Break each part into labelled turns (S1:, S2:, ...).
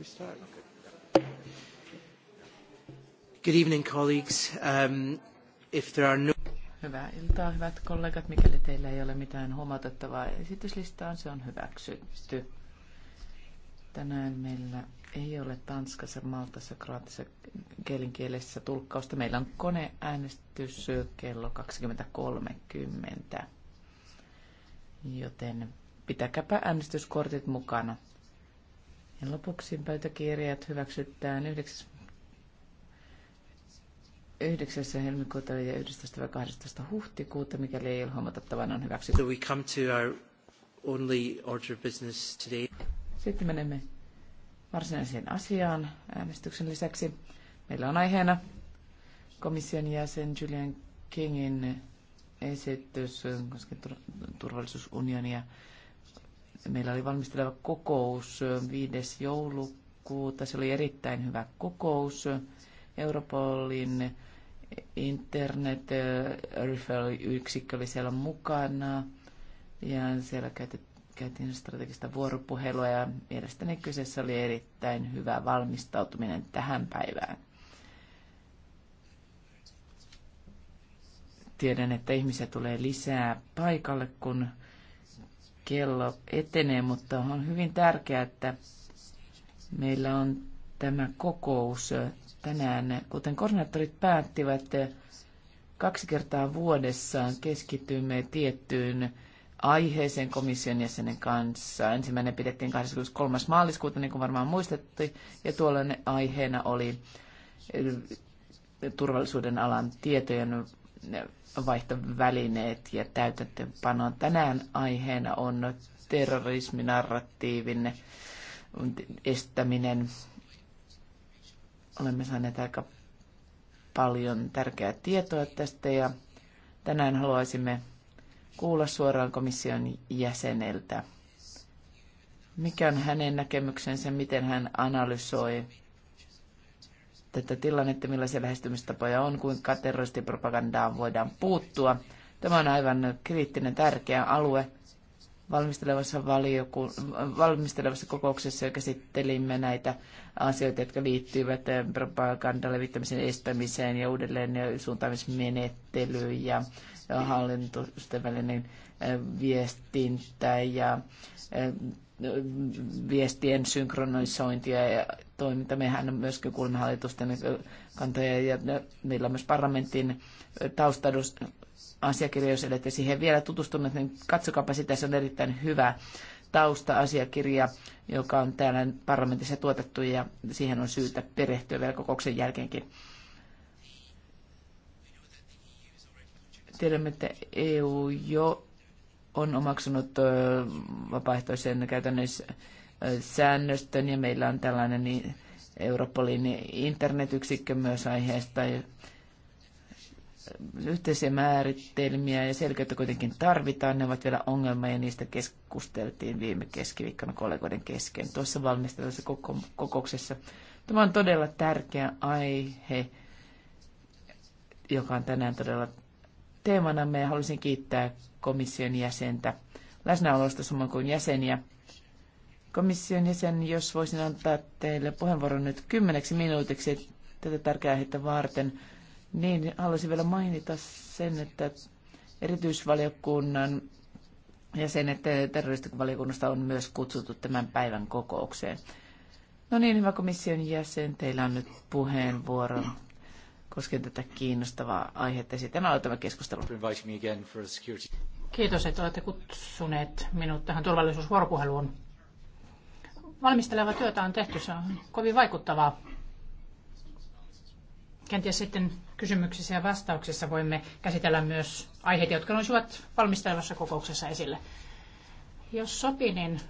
S1: we start? Good evening, colleagues. Um, if there are no...
S2: Hyvää iltaa, hyvät kollegat. Mikäli teillä ei ole mitään huomautettavaa esityslistaan, se on hyväksytty. Tänään meillä ei ole Tanskassa, Maltassa, Kroatissa kielenkielessä tulkkausta. Meillä on koneäänestys kello 20.30, joten pitäkääpä äänestyskortit mukana. Ja lopuksi pöytäkirjat hyväksytään 9. 9. helmikuuta ja 11. 12. huhtikuuta, mikäli ei ole huomattavan on hyväksytty. So we
S1: come to our only order of business today.
S2: Sitten menemme varsinaiseen asiaan äänestyksen lisäksi. Meillä on aiheena komission jäsen Julian Kingin esitys koskien turvallisuusunionia. Meillä oli valmisteleva kokous 5. joulukuuta. Se oli erittäin hyvä kokous. Europolin internet referral-yksikkö oli siellä mukana ja siellä käytiin strategista vuoropuhelua ja mielestäni kyseessä oli erittäin hyvä valmistautuminen tähän päivään. Tiedän, että ihmisiä tulee lisää paikalle, kun kello etenee, mutta on hyvin tärkeää, että meillä on tämä kokous tänään. Kuten koordinaattorit päättivät, kaksi kertaa vuodessa keskitymme tiettyyn aiheeseen komission jäsenen kanssa. Ensimmäinen pidettiin 23. maaliskuuta, niin kuin varmaan muistettiin, ja tuolloin aiheena oli eh, turvallisuuden alan tietojen vaihtovälineet ja täytäntöpano. Tänään aiheena on terrorisminarratiivin estäminen. Olemme saaneet aika paljon tärkeää tietoa tästä ja tänään haluaisimme kuulla suoraan komission jäseneltä. Mikä on hänen näkemyksensä, miten hän analysoi tätä tilannetta, millaisia lähestymistapoja on, kuinka terroristipropagandaan voidaan puuttua. Tämä on aivan kriittinen, tärkeä alue. Valmistelevassa, valioku- valmistelevassa kokouksessa jo käsittelimme näitä asioita, jotka liittyvät eh, propagandan levittämisen estämiseen ja uudelleen eh, suuntaamismenettelyyn ja eh, hallintusten välinen viestintä ja viestien synkronisointia ja toiminta. Mehän myöskin kuulemme hallitusten kantoja ja meillä on myös parlamentin taustadus asiakirja, jos olette siihen vielä tutustuneet, niin katsokaapa sitä, se on erittäin hyvä tausta-asiakirja, joka on täällä parlamentissa tuotettu ja siihen on syytä perehtyä vielä kokouksen jälkeenkin. Tiedämme, että EU jo on omaksunut vapaaehtoisen käytännön säännöstön ja meillä on tällainen niin Europolin internetyksikkö myös aiheesta. Yhteisiä määritelmiä ja selkeyttä kuitenkin tarvitaan. Ne ovat vielä ongelma ja niistä keskusteltiin viime keskiviikkona kollegoiden kesken tuossa valmistelussa koko, kokouksessa. Tämä on todella tärkeä aihe, joka on tänään todella teemanamme ja haluaisin kiittää komission jäsentä läsnäolosta samoin kuin jäseniä. Komission jäsen, jos voisin antaa teille puheenvuoron nyt kymmeneksi minuutiksi tätä tärkeää aiheutta varten, niin haluaisin vielä mainita sen, että erityisvaliokunnan jäsenet terroristivaliokunnasta on myös kutsuttu tämän päivän kokoukseen. No niin, hyvä komission jäsen, teillä on nyt puheenvuoro koskien tätä kiinnostavaa aihetta. Sitten aloitamme keskustelun. Kiitos, että olette
S1: kutsuneet minut tähän turvallisuusvuoropuheluun. Valmisteleva työtä on tehty, se on kovin vaikuttavaa. Kenties sitten kysymyksissä ja vastauksissa voimme käsitellä myös aiheita, jotka nousivat valmistelevassa kokouksessa esille. Jos sopii, niin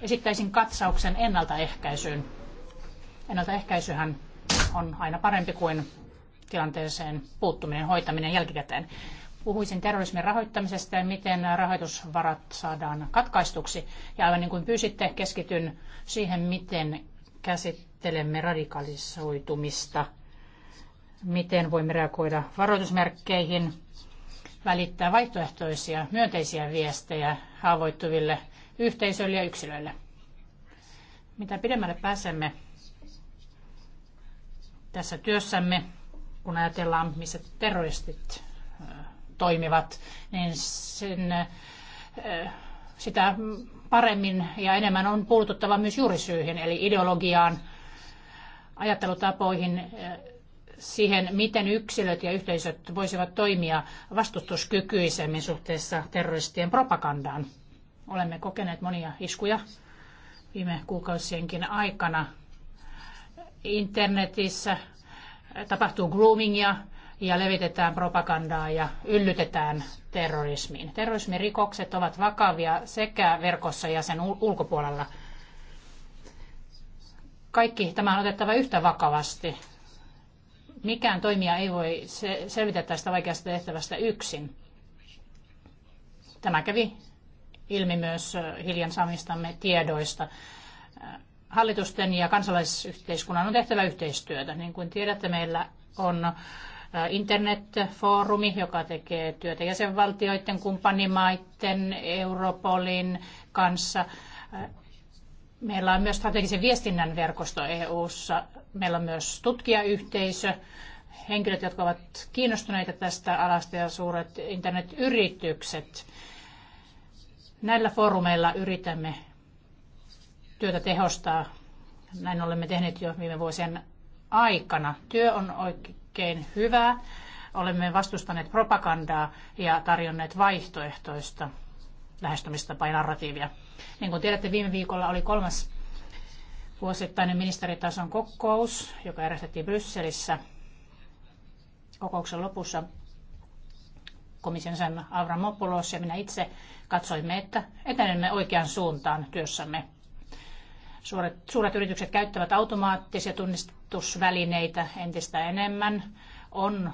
S1: esittäisin katsauksen ennaltaehkäisyyn. Ennaltaehkäisyhän on aina parempi kuin tilanteeseen puuttuminen, hoitaminen jälkikäteen. Puhuisin terrorismin rahoittamisesta ja miten rahoitusvarat saadaan katkaistuksi. Ja aivan niin kuin pyysitte, keskityn siihen, miten käsittelemme radikalisoitumista, miten voimme reagoida varoitusmerkkeihin, välittää vaihtoehtoisia myönteisiä viestejä haavoittuville yhteisöille ja yksilöille. Mitä pidemmälle pääsemme, tässä työssämme, kun ajatellaan, missä terroristit toimivat, niin sen, sitä paremmin ja enemmän on puututtava myös juurisyihin, eli ideologiaan, ajattelutapoihin, siihen, miten yksilöt ja yhteisöt voisivat toimia vastustuskykyisemmin suhteessa terroristien propagandaan. Olemme kokeneet monia iskuja viime kuukausienkin aikana internetissä tapahtuu groomingia ja levitetään propagandaa ja yllytetään terrorismiin. Terrorismirikokset ovat vakavia sekä verkossa ja sen ulkopuolella. Kaikki tämä on otettava yhtä vakavasti. Mikään toimija ei voi selvitä tästä vaikeasta tehtävästä yksin. Tämä kävi ilmi myös äh, hiljan saamistamme tiedoista hallitusten ja kansalaisyhteiskunnan on tehtävä yhteistyötä. Niin kuin tiedätte, meillä on äh, internetfoorumi, joka tekee työtä jäsenvaltioiden, kumppanimaiden, Europolin kanssa. Äh, meillä on myös strategisen viestinnän verkosto EU:ssa. Meillä on myös tutkijayhteisö, henkilöt, jotka ovat kiinnostuneita tästä alasta ja suuret internetyritykset. Näillä foorumeilla yritämme työtä tehostaa. Näin olemme tehneet jo viime vuosien aikana. Työ on oikein hyvä. Olemme vastustaneet propagandaa ja tarjonneet vaihtoehtoista lähestymistapaa ja narratiivia. Niin kuin tiedätte, viime viikolla oli kolmas vuosittainen ministeritason kokous, joka järjestettiin Brysselissä. Kokouksen lopussa komission sen Avramopoulos ja minä itse katsoimme, että etenemme oikeaan suuntaan työssämme. Suuret, suuret yritykset käyttävät automaattisia tunnistusvälineitä entistä enemmän. On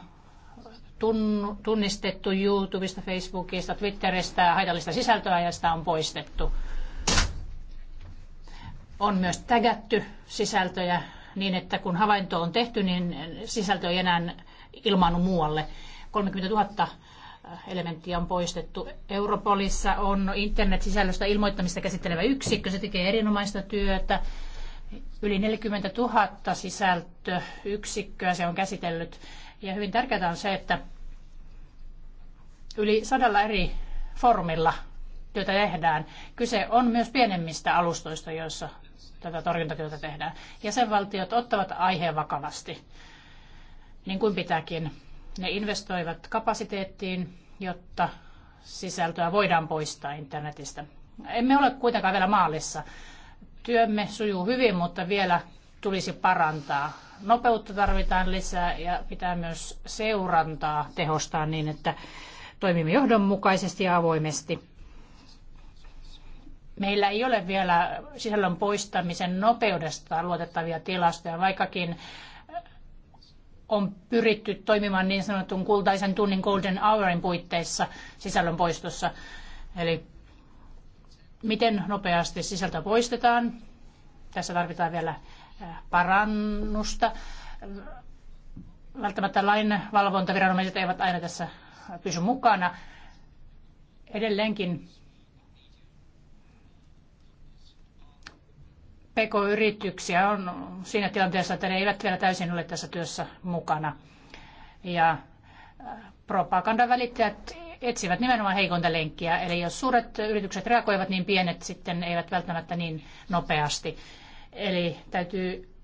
S1: tun, tunnistettu YouTubesta, Facebookista, Twitteristä haitallista sisältöä ja sitä on poistettu. On myös tägätty sisältöjä niin, että kun havainto on tehty, niin sisältö ei enää ilmaannu muualle. 30 000 elementtiä on poistettu. Europolissa on internet-sisällöstä ilmoittamista käsittelevä yksikkö, se tekee erinomaista työtä. Yli 40 000 sisältöyksikköä se on käsitellyt. Ja hyvin tärkeää on se, että yli sadalla eri formilla työtä tehdään. Kyse on myös pienemmistä alustoista, joissa tätä torjuntatyötä tehdään. Jäsenvaltiot ottavat aiheen vakavasti, niin kuin pitääkin. Ne investoivat kapasiteettiin, jotta sisältöä voidaan poistaa internetistä. Emme ole kuitenkaan vielä maalissa. Työmme sujuu hyvin, mutta vielä tulisi parantaa. Nopeutta tarvitaan lisää ja pitää myös seurantaa tehostaa niin, että toimimme johdonmukaisesti ja avoimesti. Meillä ei ole vielä sisällön poistamisen nopeudesta luotettavia tilastoja, vaikkakin on pyritty toimimaan niin sanotun kultaisen tunnin golden hourin puitteissa sisällön poistossa. Eli miten nopeasti sisältö poistetaan. Tässä tarvitaan vielä äh, parannusta. Välttämättä lainvalvontaviranomaiset eivät aina tässä pysy mukana. Edelleenkin PK-yrityksiä on siinä tilanteessa, että ne eivät vielä täysin ole tässä työssä mukana. Ja äh, välittäjät etsivät nimenomaan heikointa lenkkiä. Eli jos suuret yritykset reagoivat, niin pienet sitten eivät välttämättä niin nopeasti. Eli täytyy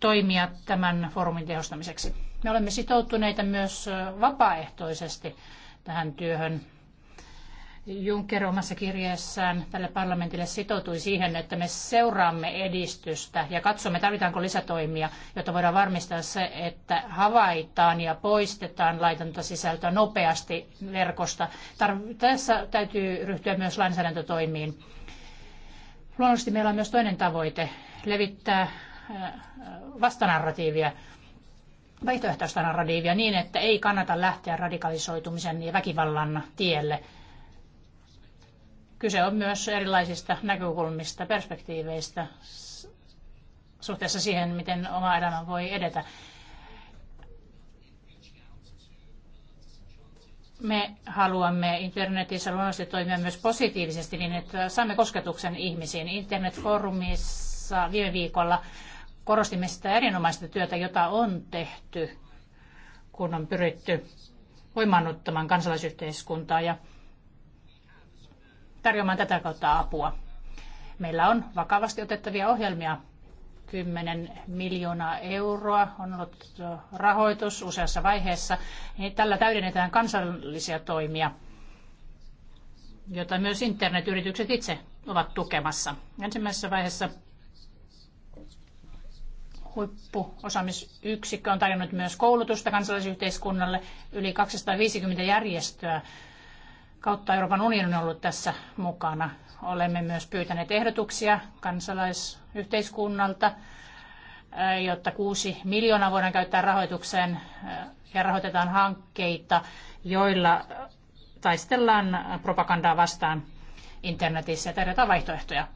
S1: toimia tämän foorumin tehostamiseksi. Me olemme sitoutuneita myös äh, vapaaehtoisesti tähän työhön. Juncker omassa kirjeessään tälle parlamentille sitoutui siihen, että me seuraamme edistystä ja katsomme, tarvitaanko lisätoimia, jotta voidaan varmistaa se, että havaitaan ja poistetaan laitonta sisältöä nopeasti verkosta. Tässä täytyy ryhtyä myös lainsäädäntötoimiin. Luonnollisesti meillä on myös toinen tavoite, levittää äh, vastanarratiivia, vaihtoehtoista narratiivia niin, että ei kannata lähteä radikalisoitumisen ja väkivallan tielle – Kyse on myös erilaisista näkökulmista, perspektiiveistä suhteessa siihen, miten oma elämä voi edetä. Me haluamme internetissä luonnollisesti toimia myös positiivisesti niin, että saamme kosketuksen ihmisiin. Internetfoorumissa viime viikolla korostimme sitä erinomaista työtä, jota on tehty, kun on pyritty voimaannuttamaan kansalaisyhteiskuntaa ja tarjoamaan tätä kautta apua. Meillä on vakavasti otettavia ohjelmia. 10 miljoonaa euroa on ollut rahoitus useassa vaiheessa. Niin tällä täydennetään kansallisia toimia, joita myös internetyritykset itse ovat tukemassa. Ensimmäisessä vaiheessa huippuosaamisyksikkö on tarjonnut myös koulutusta kansalaisyhteiskunnalle. Yli 250 järjestöä kautta Euroopan unioni on ollut tässä mukana. Olemme myös pyytäneet ehdotuksia kansalaisyhteiskunnalta, eh, jotta kuusi miljoonaa voidaan käyttää rahoitukseen eh, ja rahoitetaan hankkeita, joilla taistellaan propagandaa vastaan internetissä ja tarjotaan vaihtoehtoja.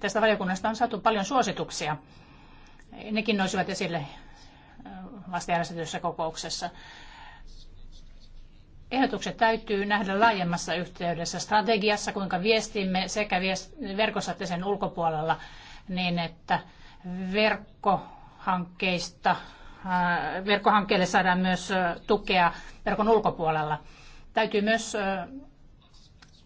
S1: Tästä valiokunnasta on saatu paljon suosituksia. Nekin nousivat esille vasta järjestetyssä kokouksessa. Ehdotukset täytyy nähdä laajemmassa yhteydessä strategiassa, kuinka viestimme sekä verkossa että sen ulkopuolella, niin että verkkohankkeista, verkkohankkeille saadaan myös tukea verkon ulkopuolella. Täytyy myös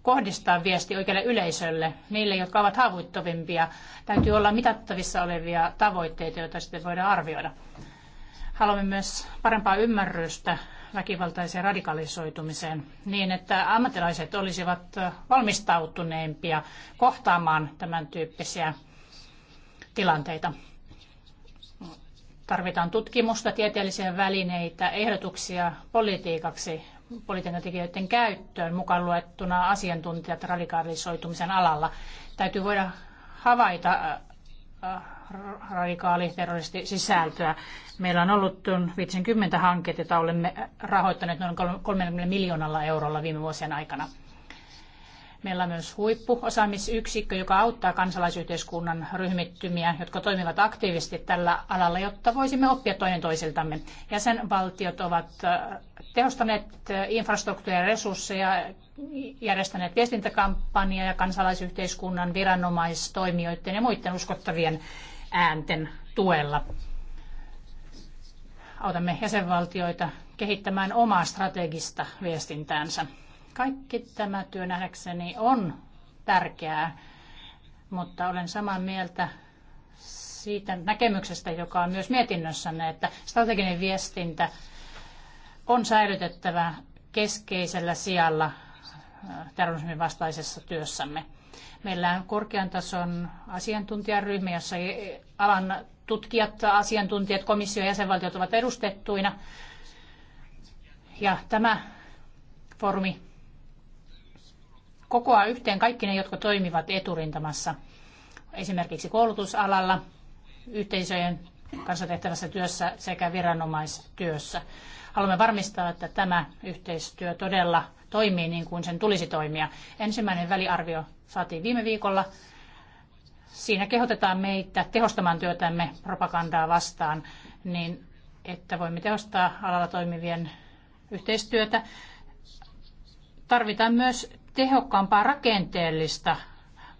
S1: kohdistaa viesti oikealle yleisölle, niille, jotka ovat haavoittuvimpia. Täytyy olla mitattavissa olevia tavoitteita, joita sitten voidaan arvioida. Haluamme myös parempaa ymmärrystä väkivaltaiseen radikalisoitumiseen niin, että ammattilaiset olisivat valmistautuneempia kohtaamaan tämän tyyppisiä tilanteita. Tarvitaan tutkimusta, tieteellisiä välineitä, ehdotuksia politiikaksi, politiikan tekijöiden käyttöön, mukaan luettuna asiantuntijat radikalisoitumisen alalla. Täytyy voida havaita äh, äh, radikaaliterroristi sisältöä. Meillä on ollut 50 hanketta, joita olemme rahoittaneet noin 30 miljoonalla eurolla viime vuosien aikana. Meillä on myös huippuosaamisyksikkö, joka auttaa kansalaisyhteiskunnan ryhmittymiä, jotka toimivat aktiivisesti tällä alalla, jotta voisimme oppia toinen toisiltamme. Jäsenvaltiot ovat äh, tehostaneet äh, infrastruktuuria ja resursseja, järjestäneet viestintäkampanjaa ja kansalaisyhteiskunnan viranomaistoimijoiden ja muiden uskottavien äänten tuella. Autamme jäsenvaltioita kehittämään omaa strategista viestintäänsä. Kaikki tämä työ nähdäkseni on tärkeää, mutta olen samaa mieltä siitä näkemyksestä, joka on myös mietinnössänne, että strateginen viestintä on säilytettävä keskeisellä sijalla äh, terrorismin vastaisessa työssämme. Meillä on korkean tason asiantuntijaryhmä, jossa alan tutkijat, asiantuntijat, komissio ja jäsenvaltiot ovat edustettuina. Ja tämä foorumi kokoaa yhteen kaikki ne, jotka toimivat eturintamassa, esimerkiksi koulutusalalla, yhteisöjen kanssa tehtävässä työssä sekä viranomaistyössä. Haluamme varmistaa, että tämä yhteistyö todella toimii niin kuin sen tulisi toimia. Ensimmäinen väliarvio saatiin viime viikolla. Siinä kehotetaan meitä tehostamaan työtämme propagandaa vastaan, niin että voimme tehostaa alalla toimivien yhteistyötä. Tarvitaan myös tehokkaampaa rakenteellista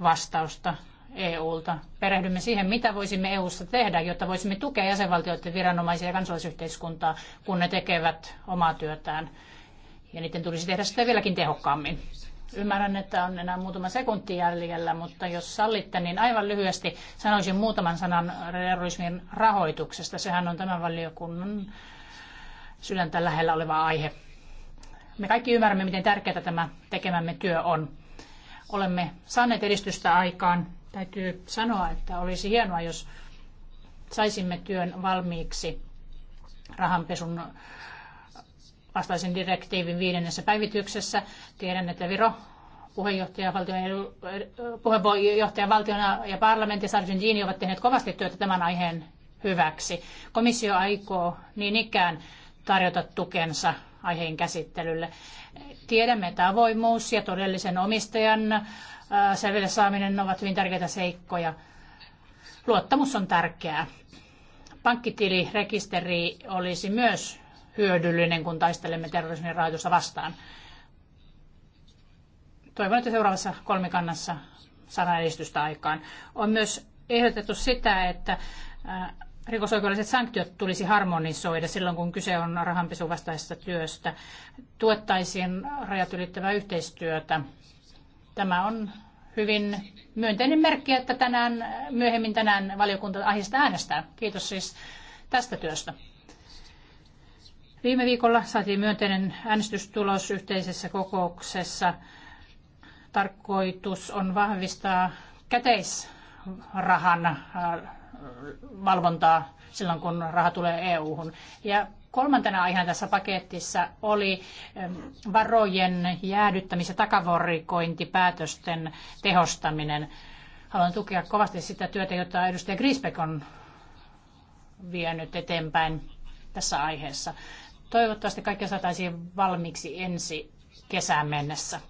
S1: vastausta EUlta. Perehdymme siihen, mitä voisimme EUssa tehdä, jotta voisimme tukea jäsenvaltioiden viranomaisia ja kansalaisyhteiskuntaa, kun ne tekevät omaa työtään. Ja niiden tulisi tehdä sitä vieläkin tehokkaammin. Ymmärrän, että on enää muutama sekunti jäljellä, mutta jos sallitte, niin aivan lyhyesti sanoisin muutaman sanan terrorismin rahoituksesta. Sehän on tämän valiokunnan sydäntä lähellä oleva aihe. Me kaikki ymmärrämme, miten tärkeää tämä tekemämme työ on. Olemme saaneet edistystä aikaan Täytyy sanoa, että olisi hienoa, jos saisimme työn valmiiksi rahanpesun vastaisen direktiivin viidennessä päivityksessä. Tiedän, että Viro puheenjohtaja puheenjohtajavaltiona ja parlamentissa Argentiini ovat tehneet kovasti työtä tämän aiheen hyväksi. Komissio aikoo niin ikään tarjota tukensa aiheen käsittelylle. Tiedämme, että avoimuus ja todellisen omistajan selville saaminen ovat hyvin tärkeitä seikkoja. Luottamus on tärkeää. Pankkitilirekisteri olisi myös hyödyllinen, kun taistelemme terrorismin rahoitusta vastaan. Toivon, että seuraavassa kolmikannassa saadaan edistystä aikaan. On myös ehdotettu sitä, että rikosoikeudelliset sanktiot tulisi harmonisoida silloin, kun kyse on rahanpesuvastaisesta työstä. Tuettaisiin rajat ylittävää yhteistyötä Tämä on hyvin myönteinen merkki, että tänään, myöhemmin tänään valiokunta aiheesta äänestää. Kiitos siis tästä työstä. Viime viikolla saatiin myönteinen äänestystulos yhteisessä kokouksessa. Tarkoitus on vahvistaa käteisrahan äh, valvontaa silloin, kun raha tulee EU-hun. Ja Kolmantena aiheena tässä paketissa oli varojen jäädyttämis- ja takavorikointipäätösten tehostaminen. Haluan tukea kovasti sitä työtä, jota edustaja Grisbeck on vienyt eteenpäin tässä aiheessa. Toivottavasti kaikki saataisiin valmiiksi ensi kesään mennessä.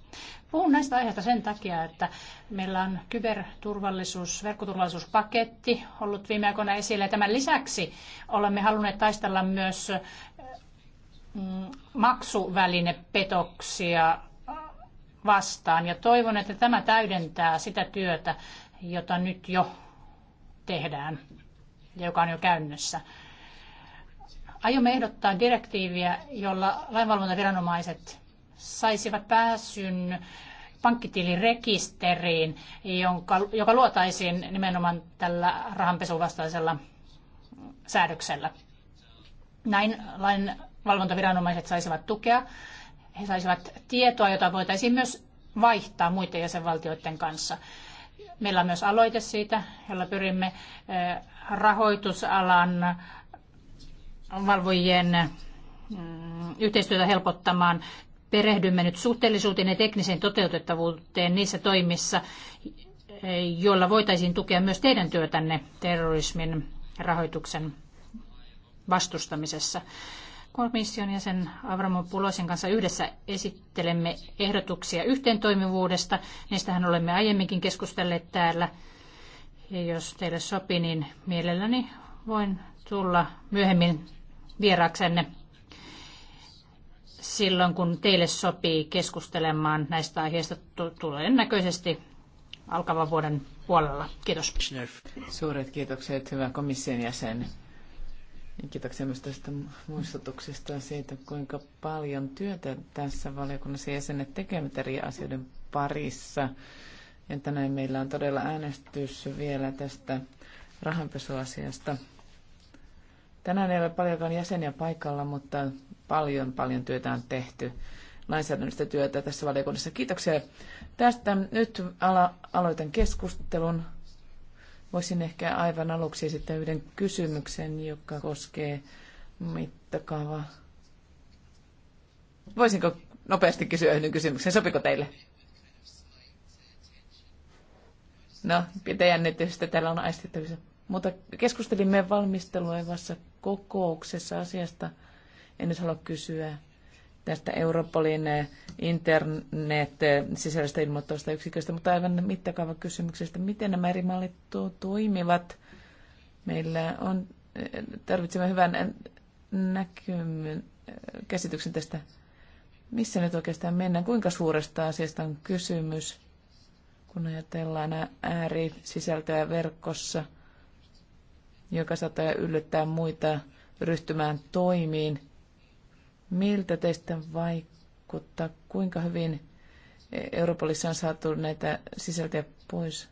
S1: Puhun näistä aiheista sen takia, että meillä on kyberturvallisuus, verkkoturvallisuuspaketti ollut viime aikoina esillä. Tämän lisäksi olemme halunneet taistella myös mm, maksuvälinepetoksia vastaan. Ja toivon, että tämä täydentää sitä työtä, jota nyt jo tehdään ja joka on jo käynnissä. Aiomme ehdottaa direktiiviä, jolla lainvalvontaviranomaiset saisivat pääsyn pankkitilirekisteriin, jonka, joka luotaisiin nimenomaan tällä rahanpesuvastaisella säädöksellä. Näin lain valvontaviranomaiset saisivat tukea. He saisivat tietoa, jota voitaisiin myös vaihtaa muiden jäsenvaltioiden kanssa. Meillä on myös aloite siitä, jolla pyrimme eh, rahoitusalan valvojien mm, yhteistyötä helpottamaan perehdymme nyt suhteellisuuteen ja tekniseen toteutettavuuteen niissä toimissa, joilla voitaisiin tukea myös teidän työtänne terrorismin rahoituksen vastustamisessa. Komission jäsen pulosin kanssa yhdessä esittelemme ehdotuksia yhteentoimivuudesta. Niistähän olemme aiemminkin keskustelleet täällä. Ja jos teille sopii, niin mielelläni voin tulla myöhemmin vieraaksenne silloin, kun teille sopii keskustelemaan näistä aiheista todennäköisesti alkavan
S2: vuoden puolella. Kiitos. Suuret kiitokset, hyvä komission jäsen. Kiitoksia myös tästä muistutuksesta siitä, kuinka paljon työtä tässä valiokunnassa jäsenet tekevät eri asioiden parissa. Ja tänään meillä on todella äänestys vielä tästä rahanpesuasiasta. Tänään ei ole paljonkaan jäseniä paikalla, mutta Paljon, paljon työtä on tehty, lainsäädännöllistä työtä tässä valiokunnassa. Kiitoksia tästä. Nyt ala, aloitan keskustelun. Voisin ehkä aivan aluksi esittää yhden kysymyksen, joka koskee mittakaavaa. Voisinko nopeasti kysyä yhden kysymyksen? Sopiko teille? No, pientä jännitystä täällä on aistittavissa. Mutta keskustelimme valmisteluevassa kokouksessa asiasta – en nyt halua kysyä tästä Europolin eh, internet-sisällöstä eh, ilmoittavasta yksiköstä, mutta aivan mittakaava kysymyksestä, miten nämä eri mallit toimivat. Meillä on, eh, tarvitsemme hyvän näkymän, käsityksen tästä, missä nyt oikeastaan mennään, kuinka suuresta asiasta on kysymys, kun ajatellaan ääri-sisältöä verkossa, joka saattaa yllättää muita ryhtymään toimiin – Miltä teistä vaikuttaa? Kuinka hyvin Europolissa on saatu näitä sisältöjä pois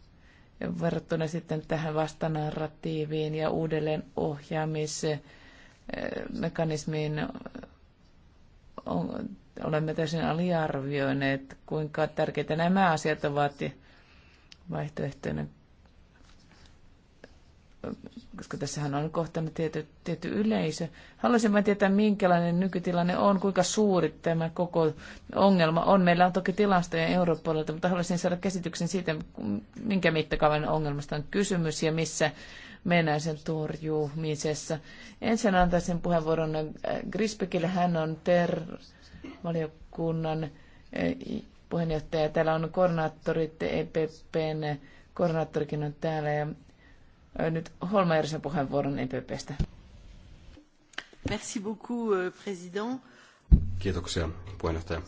S2: verrattuna sitten tähän vastanarratiiviin ja uudelleen ohjaamismekanismiin? Olemme täysin aliarvioineet, kuinka tärkeitä nämä asiat ovat vaihtoehtoinen koska tässähän on kohtana tietty, tietty yleisö. Haluaisin vain tietää, minkälainen nykytilanne on, kuinka suuri tämä koko ongelma on. Meillä on toki tilastoja Euroopalta, mutta haluaisin saada käsityksen siitä, minkä mittakaavan ongelmasta on kysymys ja missä mennään sen torjumisessa. Ensin antaisin puheenvuoron äh, Grispekille. Hän on TER-valiokunnan äh, puheenjohtaja. Täällä on koordinaattorit, EPPn koordinaattorikin on täällä ja nyt Holmeerisen puheenvuoron EPPstä. Merci beaucoup, euh, président.
S3: Kiitoksia, puheenjohtaja.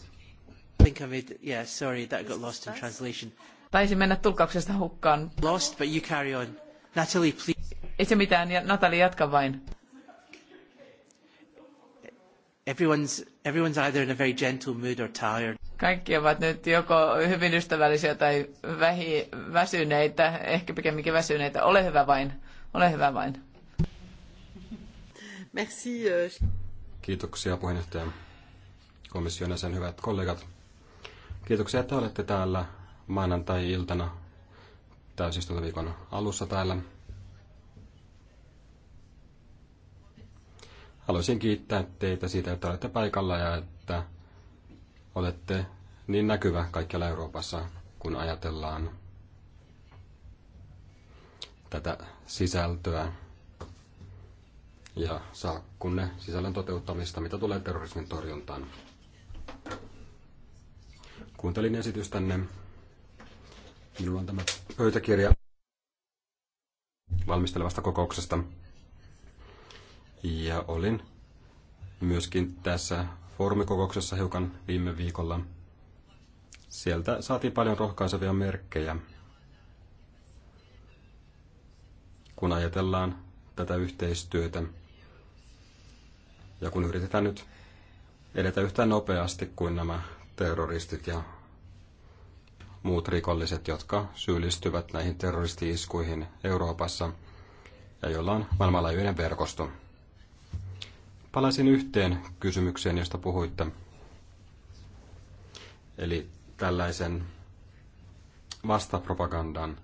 S2: Think I made, yeah, sorry, that got lost in translation. Taisi mennä tulkauksesta hukkaan. Lost, but you carry on. Natalie, please. Ei se mitään, Natalie, jatka vain. Everyone's, everyone's either in a very gentle mood or tired. Kaikki ovat nyt joko hyvin ystävällisiä tai vähi, väsyneitä, ehkä pikemminkin väsyneitä. Ole hyvä vain, ole hyvä vain.
S1: Merci. Äh,
S3: Kiitoksia puheenjohtaja komission sen hyvät kollegat. Kiitoksia, että olette täällä maanantai-iltana täysistuntoviikon alussa täällä Haluaisin kiittää teitä siitä, että olette paikalla ja että olette niin näkyvä kaikkialla Euroopassa, kun ajatellaan tätä sisältöä ja kunne sisällön toteuttamista, mitä tulee terrorismin torjuntaan. Kuuntelin esitystänne. Minulla on tämä pöytäkirja valmistelevasta kokouksesta. Ja olin myöskin tässä foorumikokouksessa hiukan viime viikolla. Sieltä saatiin paljon rohkaisevia merkkejä. Kun ajatellaan tätä yhteistyötä ja kun yritetään nyt edetä yhtä nopeasti kuin nämä terroristit ja muut rikolliset, jotka syyllistyvät näihin terroristi-iskuihin Euroopassa ja joilla on maailmanlaajuinen verkosto. Palaisin yhteen kysymykseen, josta puhuitte. Eli tällaisen vastapropagandan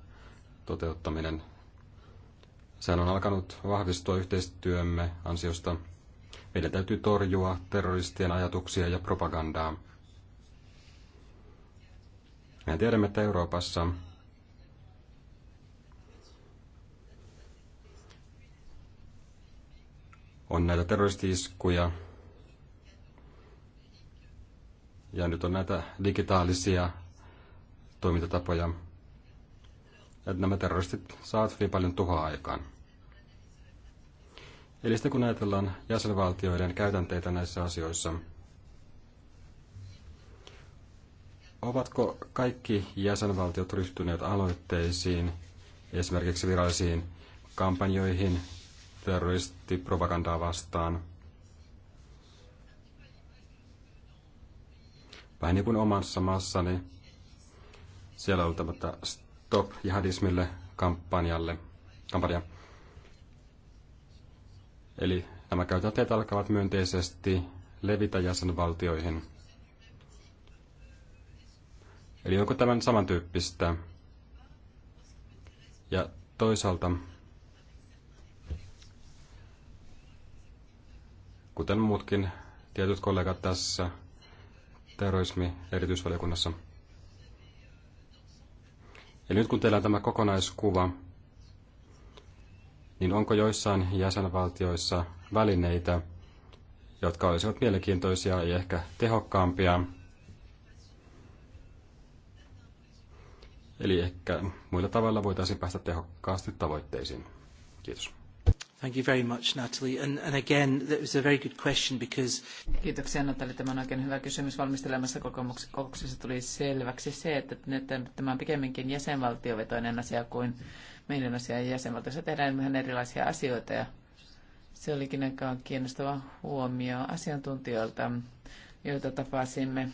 S3: toteuttaminen. Sehän on alkanut vahvistua yhteistyömme ansiosta. Meidän täytyy torjua terroristien ajatuksia ja propagandaa. Me tiedämme, että Euroopassa on näitä terroristiiskuja ja nyt on näitä digitaalisia toimintatapoja. että nämä terroristit saavat hyvin paljon tuhoa aikaan. Eli sitten kun ajatellaan jäsenvaltioiden käytänteitä näissä asioissa, ovatko kaikki jäsenvaltiot ryhtyneet aloitteisiin, esimerkiksi virallisiin kampanjoihin terroristipropagandaa vastaan. Vähän niin kuin omassa maassani, siellä on tämä Stop Jihadismille kampanjalle, kampanja. Eli nämä käytänteet alkavat myönteisesti levitä jäsenvaltioihin. Eli onko tämän samantyyppistä? Ja toisaalta kuten muutkin tietyt kollegat tässä terrorismi-erityisvaliokunnassa. Eli nyt kun teillä on tämä kokonaiskuva, niin onko joissain jäsenvaltioissa välineitä, jotka olisivat mielenkiintoisia ja ehkä tehokkaampia? Eli ehkä muilla tavalla voitaisiin päästä tehokkaasti tavoitteisiin. Kiitos.
S2: Thank you very much, Natalie. And, and again, that was a very good question because... Kiitoksia, Natalie. Tämä on oikein hyvä kysymys. Valmistelemassa kokouksessa tuli selväksi se, että nyt tämä on pikemminkin jäsenvaltiovetoinen asia kuin meidän asia jäsenvaltiossa. Tehdään vähän erilaisia asioita ja se olikin aika kiinnostava huomio asiantuntijoilta, joita tapasimme.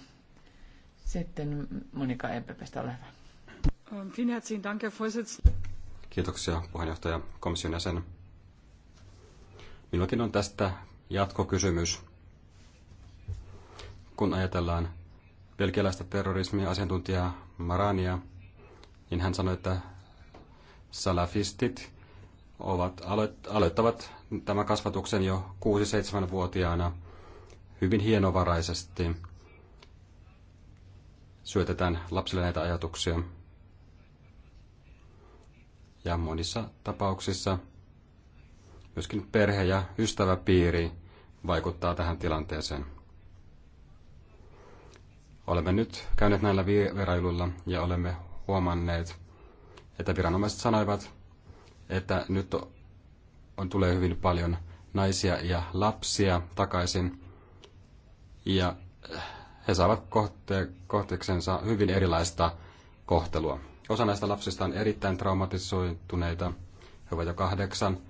S2: Sitten Monika Empepestä, ole hyvä. Ähm,
S3: Kiitoksia puheenjohtaja komission jäsen. Minullakin on tästä jatkokysymys. Kun ajatellaan belgialaista terrorismia asiantuntija Marania, niin hän sanoi, että salafistit ovat, aloittavat tämän kasvatuksen jo 6-7-vuotiaana hyvin hienovaraisesti. Syötetään lapsille näitä ajatuksia. Ja monissa tapauksissa Myöskin perhe- ja ystäväpiiri vaikuttaa tähän tilanteeseen. Olemme nyt käyneet näillä vierailuilla ja olemme huomanneet, että viranomaiset sanoivat, että nyt on, tulee hyvin paljon naisia ja lapsia takaisin. Ja äh, he saavat kohte, kohteeksensa hyvin erilaista kohtelua. Osa näistä lapsista on erittäin traumatisoituneita. He ovat jo kahdeksan,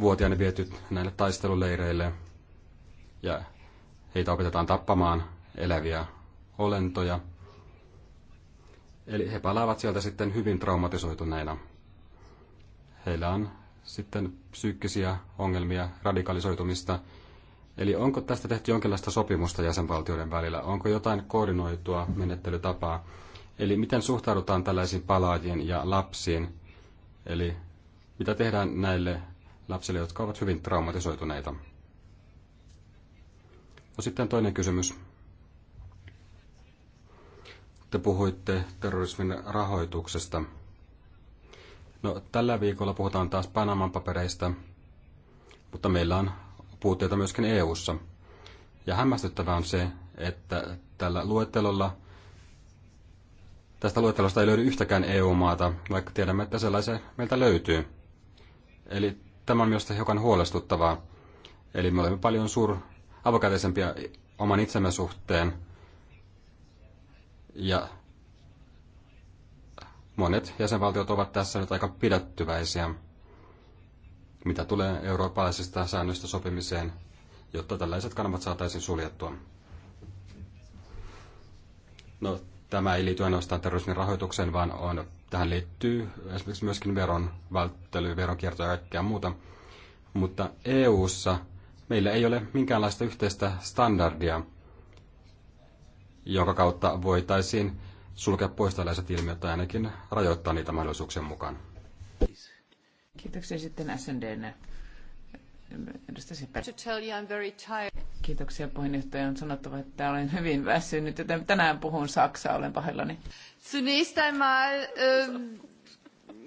S3: vuotiaana viety näille taisteluleireille ja heitä opetetaan tappamaan eläviä olentoja. Eli he palaavat sieltä sitten hyvin traumatisoituneina. Heillä on sitten psyykkisiä ongelmia, radikalisoitumista. Eli onko tästä tehty jonkinlaista sopimusta jäsenvaltioiden välillä? Onko jotain koordinoitua menettelytapaa? Eli miten suhtaudutaan tällaisiin palaajien ja lapsiin? Eli mitä tehdään näille lapsille, jotka ovat hyvin traumatisoituneita. No sitten toinen kysymys. Te puhuitte terrorismin rahoituksesta. No, tällä viikolla puhutaan taas Panaman papereista, mutta meillä on puutteita myöskin EU:ssa. Ja hämmästyttävää on se, että tällä luettelolla, tästä luettelosta ei löydy yhtäkään EU-maata, vaikka tiedämme, että sellaisia meiltä löytyy. Eli tämä on minusta hiukan huolestuttavaa. Eli me olemme paljon suur avokätisempiä oman itsemme suhteen. Ja monet jäsenvaltiot ovat tässä nyt aika pidättyväisiä, mitä tulee eurooppalaisista säännöistä sopimiseen, jotta tällaiset kanavat saataisiin suljettua. No, tämä ei liity ainoastaan terrorismin rahoitukseen, vaan on Tähän liittyy esimerkiksi myöskin veron välttely, veronkierto ja kaikkea muuta. Mutta EU:ssa meillä ei ole minkäänlaista yhteistä standardia, jonka kautta voitaisiin sulkea pois tällaiset ilmiöt tai ainakin rajoittaa niitä mahdollisuuksien mukaan.
S2: Kiitoksia sitten SNDn Kiitoksia puheenjohtaja. On sanottava, että olen hyvin väsynyt, joten tänään puhun saksaa, olen pahoillani. Zunächst einmal, ähm,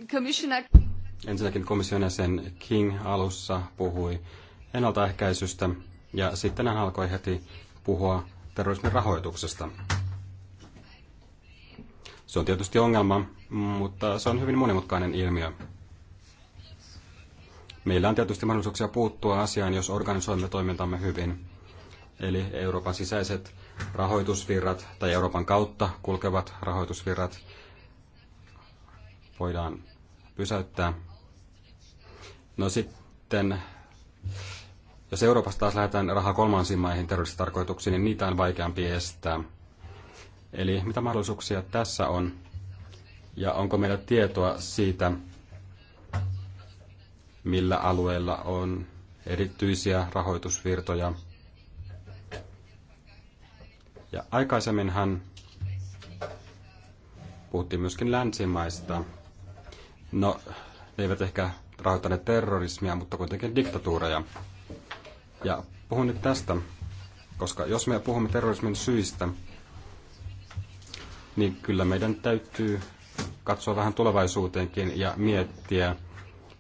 S2: commissioner...
S3: Ensinnäkin komission jäsen King alussa puhui ennaltaehkäisystä ja sitten hän alkoi heti puhua terrorismin rahoituksesta. Se on tietysti ongelma, mutta se on hyvin monimutkainen ilmiö. Meillä on tietysti mahdollisuuksia puuttua asiaan, jos organisoimme toimintamme hyvin. Eli Euroopan sisäiset rahoitusvirrat tai Euroopan kautta kulkevat rahoitusvirrat voidaan pysäyttää. No sitten, jos Euroopasta taas lähdetään rahaa kolmansiin maihin terroristitarkoituksiin, niin niitä on vaikeampi estää. Eli mitä mahdollisuuksia tässä on? Ja onko meillä tietoa siitä, millä alueella on erityisiä rahoitusvirtoja. Ja aikaisemminhan puhuttiin myöskin länsimaista. No, ne eivät ehkä rahoittaneet terrorismia, mutta kuitenkin diktatuureja. Ja puhun nyt tästä, koska jos me puhumme terrorismin syistä, niin kyllä meidän täytyy katsoa vähän tulevaisuuteenkin ja miettiä,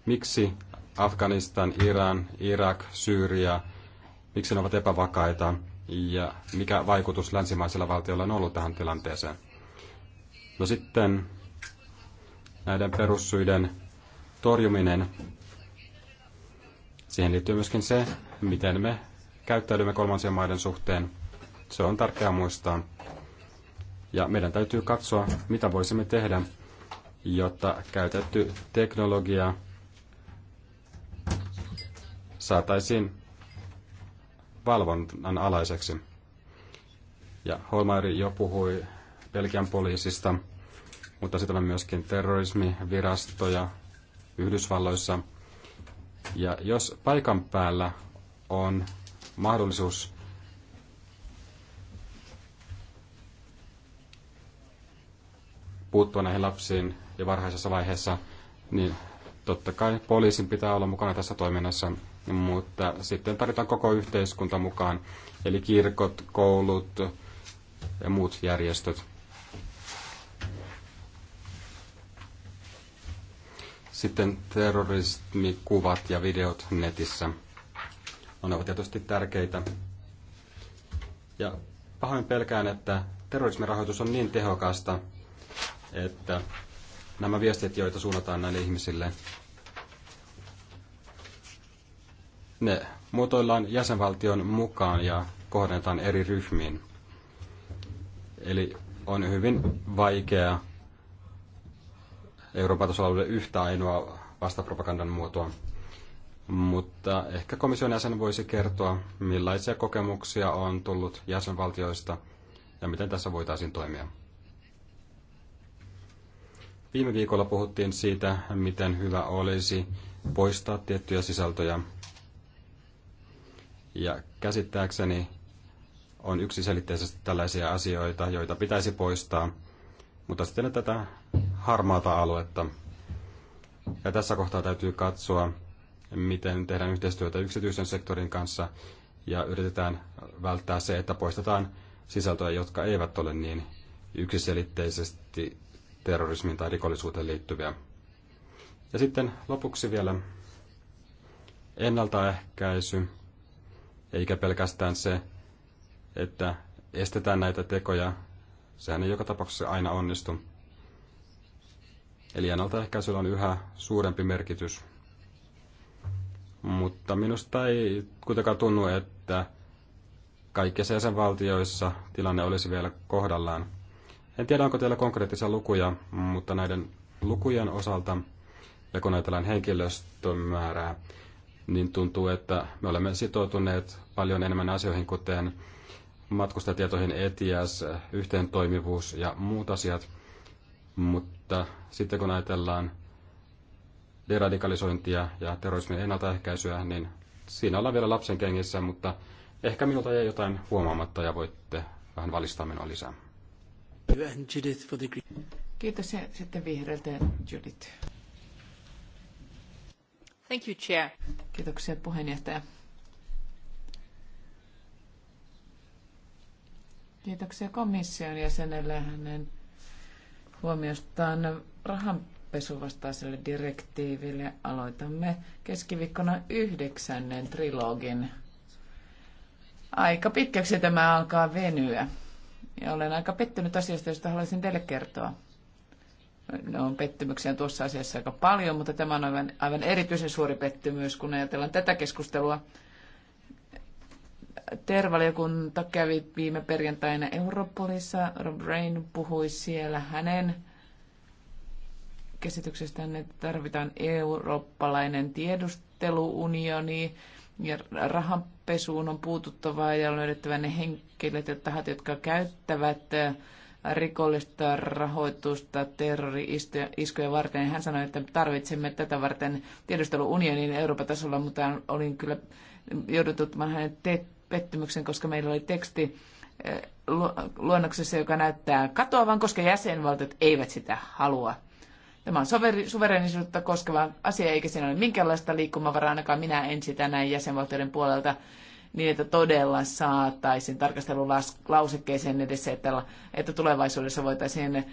S3: miksi Afganistan, Iran, Irak, Syyria, miksi ne ovat epävakaita ja mikä vaikutus länsimaisilla valtioilla on ollut tähän tilanteeseen. No sitten näiden perussyiden torjuminen. Siihen liittyy myöskin se, miten me käyttäydymme kolmansien maiden suhteen. Se on tärkeää muistaa. Ja meidän täytyy katsoa, mitä voisimme tehdä, jotta käytetty teknologia saataisiin valvonnan alaiseksi. Ja Holmairi jo puhui Belgian poliisista, mutta sitten on myöskin terrorismivirastoja Yhdysvalloissa. Ja jos paikan päällä on mahdollisuus puuttua näihin lapsiin ja varhaisessa vaiheessa, niin totta kai poliisin pitää olla mukana tässä toiminnassa mutta sitten tarvitaan koko yhteiskunta mukaan, eli kirkot, koulut ja muut järjestöt. Sitten terrorismikuvat ja videot netissä. on ne ovat tietysti tärkeitä. Ja pahoin pelkään, että rahoitus on niin tehokasta, että nämä viestit, joita suunnataan näille ihmisille, Ne muotoillaan jäsenvaltion mukaan ja kohdennetaan eri ryhmiin. Eli on hyvin vaikea Euroopan tasolla yhtä ainoa vastapropagandan muotoa. Mutta ehkä komission jäsen voisi kertoa, millaisia kokemuksia on tullut jäsenvaltioista ja miten tässä voitaisiin toimia. Viime viikolla puhuttiin siitä, miten hyvä olisi poistaa tiettyjä sisältöjä ja käsittääkseni on yksiselitteisesti tällaisia asioita, joita pitäisi poistaa, mutta sitten tätä harmaata aluetta. Ja tässä kohtaa täytyy katsoa, miten tehdään yhteistyötä yksityisen sektorin kanssa ja yritetään välttää se, että poistetaan sisältöjä, jotka eivät ole niin yksiselitteisesti terrorismiin tai rikollisuuteen liittyviä. Ja sitten lopuksi vielä ennaltaehkäisy eikä pelkästään se, että estetään näitä tekoja. Sehän ei joka tapauksessa aina onnistu. Eli ennaltaehkäisyllä on yhä suurempi merkitys. Mutta minusta ei kuitenkaan tunnu, että kaikissa jäsenvaltioissa tilanne olisi vielä kohdallaan. En tiedä, onko teillä konkreettisia lukuja, mutta näiden lukujen osalta, ja kun ajatellaan henkilöstömäärää, niin tuntuu, että me olemme sitoutuneet paljon enemmän asioihin, kuten matkustajatietoihin ETIAS, yhteentoimivuus ja muut asiat. Mutta sitten kun ajatellaan deradikalisointia ja terrorismin ennaltaehkäisyä, niin siinä ollaan vielä lapsen kengissä, mutta ehkä minulta jäi jotain huomaamatta ja voitte vähän valistaa minua lisää.
S2: Kiitos ja sitten vihreältä Judith. Thank you, Chair. Kiitoksia puheenjohtaja. Kiitoksia komission jäsenelle hänen huomiostaan rahanpesuvastaiselle direktiiville. Aloitamme keskiviikkona yhdeksännen trilogin. Aika pitkäksi tämä alkaa venyä. Ja olen aika pettynyt asiasta, josta haluaisin teille kertoa ne on pettymyksiä tuossa asiassa aika paljon, mutta tämä on aivan, aivan erityisen suuri pettymys, kun ajatellaan tätä keskustelua. Tervaliokunta kävi viime perjantaina Europolissa. Rob Rain puhui siellä hänen käsityksestään, että tarvitaan eurooppalainen tiedusteluunioni ja rahanpesuun on puututtavaa ja on löydettävä ne henkilöt ja tahat, jotka käyttävät rikollista rahoitusta terrori-iskuja varten. Hän sanoi, että tarvitsemme tätä varten tiedusteluunionin Euroopan tasolla, mutta olin kyllä joudut ottamaan hänen te- pettymyksen, koska meillä oli teksti eh, luonnoksessa, joka näyttää katoavan, koska jäsenvaltiot eivät sitä halua. Tämä on suverenisuutta koskeva asia, eikä siinä ole minkäänlaista liikkumavaraa, ainakaan minä en sitä näin jäsenvaltioiden puolelta niin että todella saataisiin tarkastelulausekkeeseen edessä, että, että tulevaisuudessa voitaisiin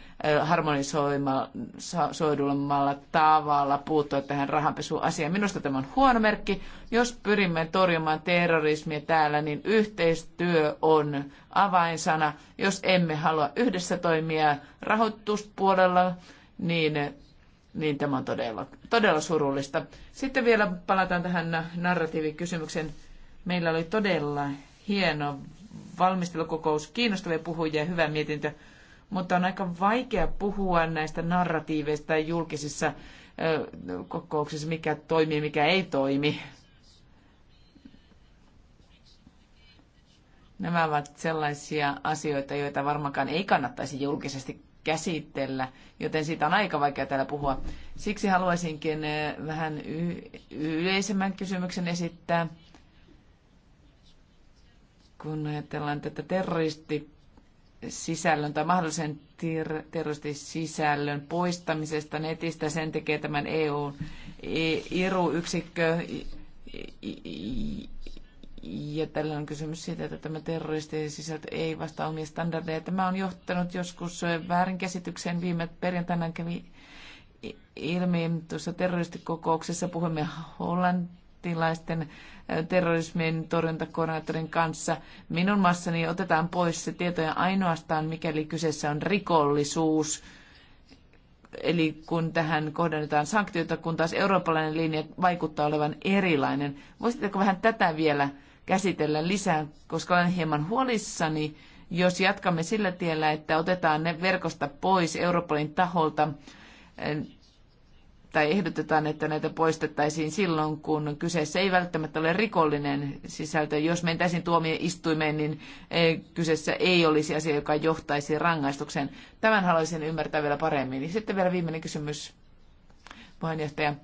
S2: harmonisoidulmalla tavalla puuttua tähän rahanpesuasiaan. Minusta tämä on huono merkki. Jos pyrimme torjumaan terrorismia täällä, niin yhteistyö on avainsana. Jos emme halua yhdessä toimia rahoituspuolella, niin niin tämä on todella, todella surullista. Sitten vielä palataan tähän narratiivikysymykseen Meillä oli todella hieno valmistelukokous, kiinnostavia puhujia ja hyvä mietintö, mutta on aika vaikea puhua näistä narratiiveista julkisissa kokouksissa, mikä toimii, mikä ei toimi. Nämä ovat sellaisia asioita, joita varmaankaan ei kannattaisi julkisesti käsitellä, joten siitä on aika vaikea täällä puhua. Siksi haluaisinkin vähän y- yleisemmän kysymyksen esittää kun ajatellaan tätä terroristi sisällön tai mahdollisen ter- terroristisisällön poistamisesta netistä. Sen tekee tämän EUn e, IRU-yksikkö. Ja tällä on kysymys siitä, että tämä terroristien sisältö ei vastaa omia standardeja. Tämä on johtanut joskus väärinkäsitykseen. Viime perjantaina kävi ilmi tuossa terroristikokouksessa. Puhumme Hollanti irakilaisten terrorismin torjuntakoordinaattorin kanssa. Minun massani otetaan pois se tietoja ainoastaan, mikäli kyseessä on rikollisuus. Eli kun tähän kohdennetaan sanktioita, kun taas eurooppalainen linja vaikuttaa olevan erilainen. Voisitteko vähän tätä vielä käsitellä lisää, koska olen hieman huolissani, jos jatkamme sillä tiellä, että otetaan ne verkosta pois Euroopan taholta tai ehdotetaan, että näitä poistettaisiin silloin, kun kyseessä ei välttämättä ole rikollinen sisältö. Jos mentäisiin tuomioistuimeen, niin e, kyseessä ei olisi asia, joka johtaisi rangaistukseen. Tämän haluaisin ymmärtää vielä paremmin. Sitten vielä viimeinen kysymys, puheenjohtaja.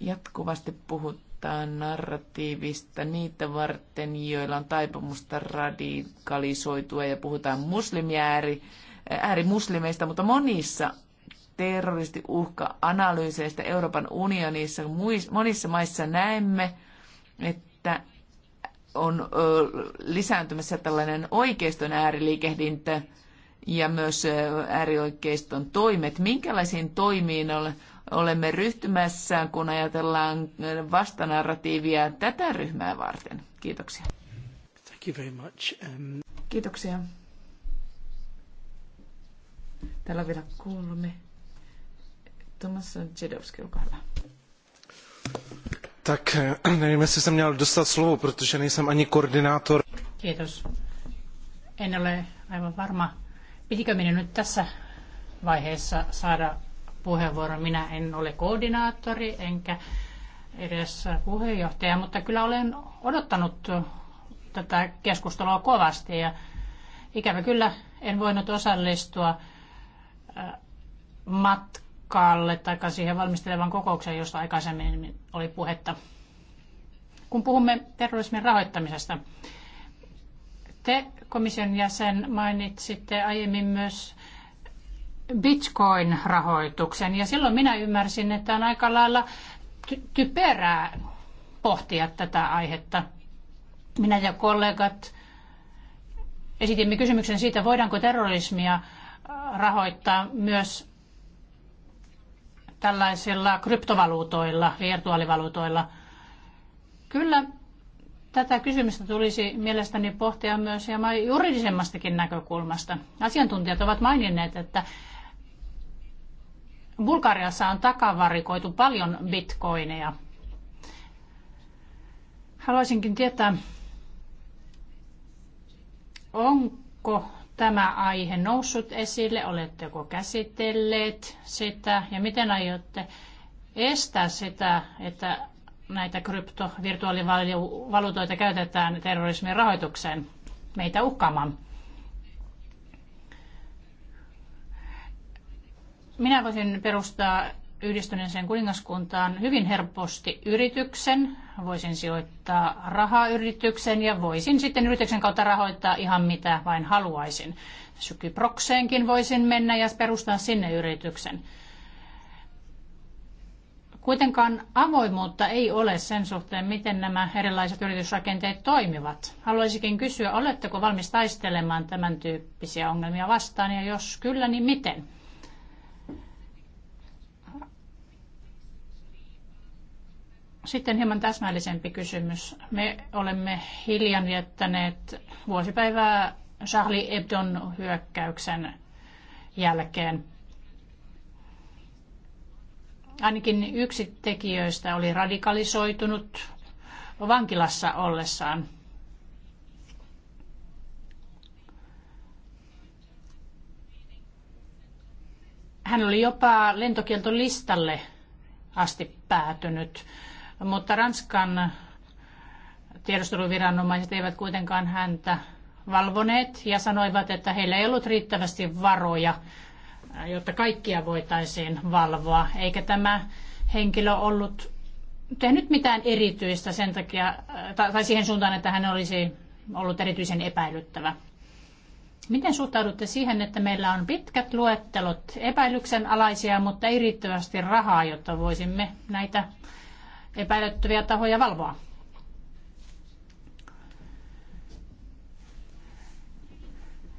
S2: Jatkuvasti puhutaan narratiivista niitä varten, joilla on taipumusta radikalisoitua ja puhutaan muslimiääri äärimuslimeista, mutta monissa terroristiuhka-analyyseistä Euroopan unionissa. Monissa maissa näemme, että on lisääntymässä tällainen oikeiston ääriliikehdintä ja myös äärioikeiston toimet. Minkälaisiin toimiin olemme ryhtymässä, kun ajatellaan vastanarratiivia tätä ryhmää varten? Kiitoksia. Thank you very much. Um... Kiitoksia. Täällä on vielä kolme Tomas Džedovský, olkaa hyvä.
S1: Tak eh, nevím, jestli jsem měl
S3: dostat slovo, protože nejsem ani koordinátor.
S1: Kiitos. En ole aivan varma, pitikö minä nyt tässä vaiheessa saada puheenvuoro. Minä en ole koordinaattori enkä edes puheenjohtaja, mutta kyllä olen odottanut tätä keskustelua kovasti ja ikävä kyllä en voinut osallistua eh, matkaan Kaalle tai siihen valmistelevan kokoukseen, josta aikaisemmin oli puhetta. Kun puhumme terrorismin rahoittamisesta, te komission jäsen mainitsitte aiemmin myös bitcoin-rahoituksen ja silloin minä ymmärsin, että on aika lailla typerää pohtia tätä aihetta. Minä ja kollegat esitimme kysymyksen siitä, voidaanko terrorismia rahoittaa myös tällaisilla kryptovaluutoilla, virtuaalivaluutoilla. Kyllä tätä kysymystä tulisi mielestäni pohtia myös hieman juridisemmastakin näkökulmasta. Asiantuntijat ovat maininneet, että Bulgariassa on takavarikoitu paljon bitcoineja. Haluaisinkin tietää, onko tämä aihe noussut esille? Oletteko käsitelleet sitä ja miten aiotte estää sitä, että näitä kryptovirtuaalivaluutoita käytetään terrorismin rahoitukseen meitä uhkaamaan? Minä voisin perustaa yhdistyneeseen kuningaskuntaan hyvin helposti yrityksen, voisin sijoittaa rahaa yritykseen ja voisin sitten yrityksen kautta rahoittaa ihan mitä vain haluaisin. Sykyprokseenkin voisin mennä ja perustaa sinne yrityksen. Kuitenkaan avoimuutta ei ole sen suhteen, miten nämä erilaiset yritysrakenteet toimivat. Haluaisikin kysyä, oletteko valmis taistelemaan tämän tyyppisiä ongelmia vastaan ja jos kyllä, niin miten? Sitten hieman täsmällisempi kysymys. Me olemme hiljan jättäneet vuosipäivää Charlie Hebdon hyökkäyksen jälkeen. Ainakin yksi tekijöistä oli radikalisoitunut vankilassa ollessaan. Hän oli jopa lentokieltolistalle asti päätynyt mutta Ranskan tiedusteluviranomaiset eivät kuitenkaan häntä valvoneet ja sanoivat, että heillä ei ollut riittävästi varoja, jotta kaikkia voitaisiin valvoa, eikä tämä henkilö ollut tehnyt mitään erityistä sen takia, tai siihen suuntaan, että hän olisi ollut erityisen epäilyttävä. Miten suhtaudutte siihen, että meillä on pitkät luettelot epäilyksen alaisia, mutta ei riittävästi rahaa, jotta voisimme näitä epäilyttäviä tahoja valvoa.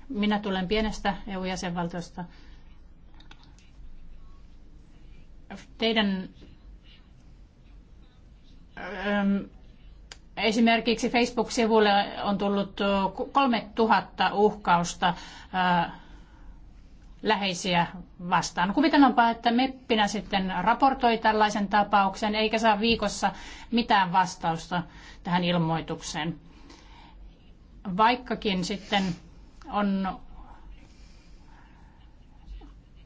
S1: Minä tulen pienestä EU-jäsenvaltiosta. Teidän ähm, esimerkiksi Facebook-sivulle on tullut 3000 uhkausta äh, läheisiä vastaan. Kuvitellaanpa, että meppinä sitten raportoi tällaisen tapauksen, eikä saa viikossa mitään vastausta tähän ilmoitukseen. Vaikkakin sitten on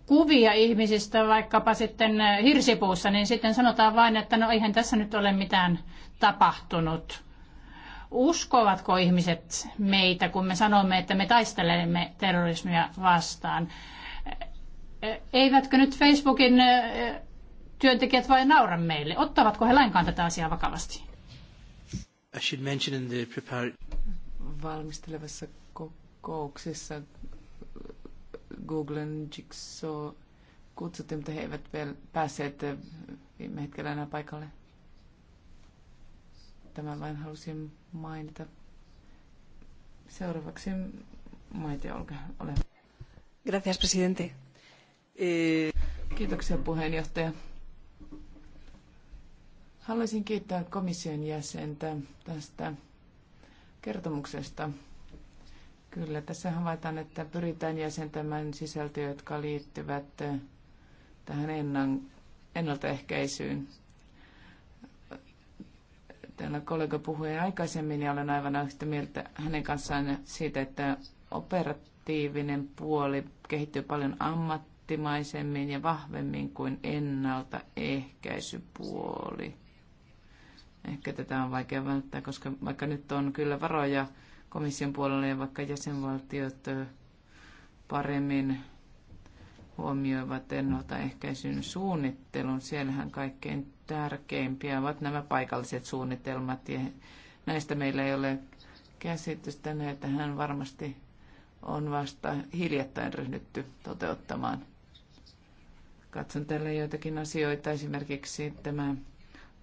S1: kuvia ihmisistä vaikkapa sitten hirsipuussa, niin sitten sanotaan vain, että no eihän tässä nyt ole mitään tapahtunut. Uskovatko ihmiset meitä, kun me sanomme, että me taistelemme terrorismia vastaan? Eivätkö nyt Facebookin työntekijät vain naura meille? Ottavatko he lainkaan tätä asiaa vakavasti? I should mention in the
S2: Valmistelevassa kokouksessa Googlen Jigsaw kutsuttiin, mutta he eivät vielä päässeet viime hetkellä enää paikalle. Tämän vain halusin mainita. Seuraavaksi Maite, olkaa ole. Gracias, presidente. Eh, kiitoksia puheenjohtaja. Haluaisin kiittää komission jäsentä tästä kertomuksesta. Kyllä, tässä havaitaan, että pyritään jäsentämään sisältöjä, jotka liittyvät eh, tähän ennan, ennaltaehkäisyyn. Täällä kollega puhui aikaisemmin ja olen aivan yhtä mieltä hänen kanssaan siitä, että operatiivinen puoli kehittyy paljon ammat ammattimaisemmin ja vahvemmin kuin ennaltaehkäisypuoli. Ehkä tätä on vaikea välttää, koska vaikka nyt on kyllä varoja komission puolella ja vaikka jäsenvaltiot paremmin huomioivat ennaltaehkäisyn suunnittelun. Siellähän kaikkein tärkeimpiä ovat nämä paikalliset suunnitelmat ja näistä meillä ei ole käsitystä, hän varmasti on vasta hiljattain ryhdytty toteuttamaan. Katson tällä joitakin asioita, esimerkiksi tämä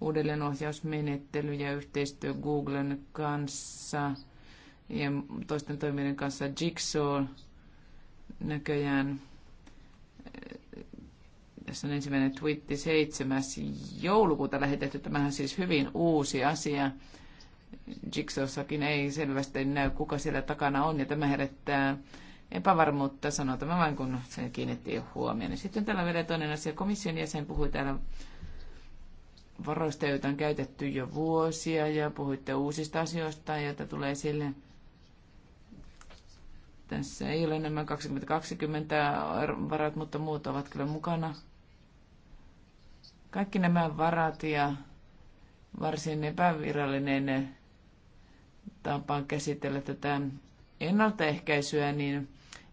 S2: uudelleenohjausmenettely ja yhteistyö Googlen kanssa ja toisten toimijoiden kanssa Jigsaw näköjään. Tässä on ensimmäinen twitti 7. joulukuuta lähetetty. Tämähän siis hyvin uusi asia. Jigsawssakin ei selvästi näy, kuka siellä takana on, ja tämä herättää epävarmuutta. sanota, mä vain, kun sen kiinnittiin huomioon. Sitten täällä vielä toinen asia. Komission jäsen puhui täällä varoista, joita on käytetty jo vuosia ja puhuitte uusista asioista, joita tulee sille. Tässä ei ole nämä 2020 varat, mutta muut ovat kyllä mukana. Kaikki nämä varat ja varsin epävirallinen tapa käsitellä tätä ennaltaehkäisyä, niin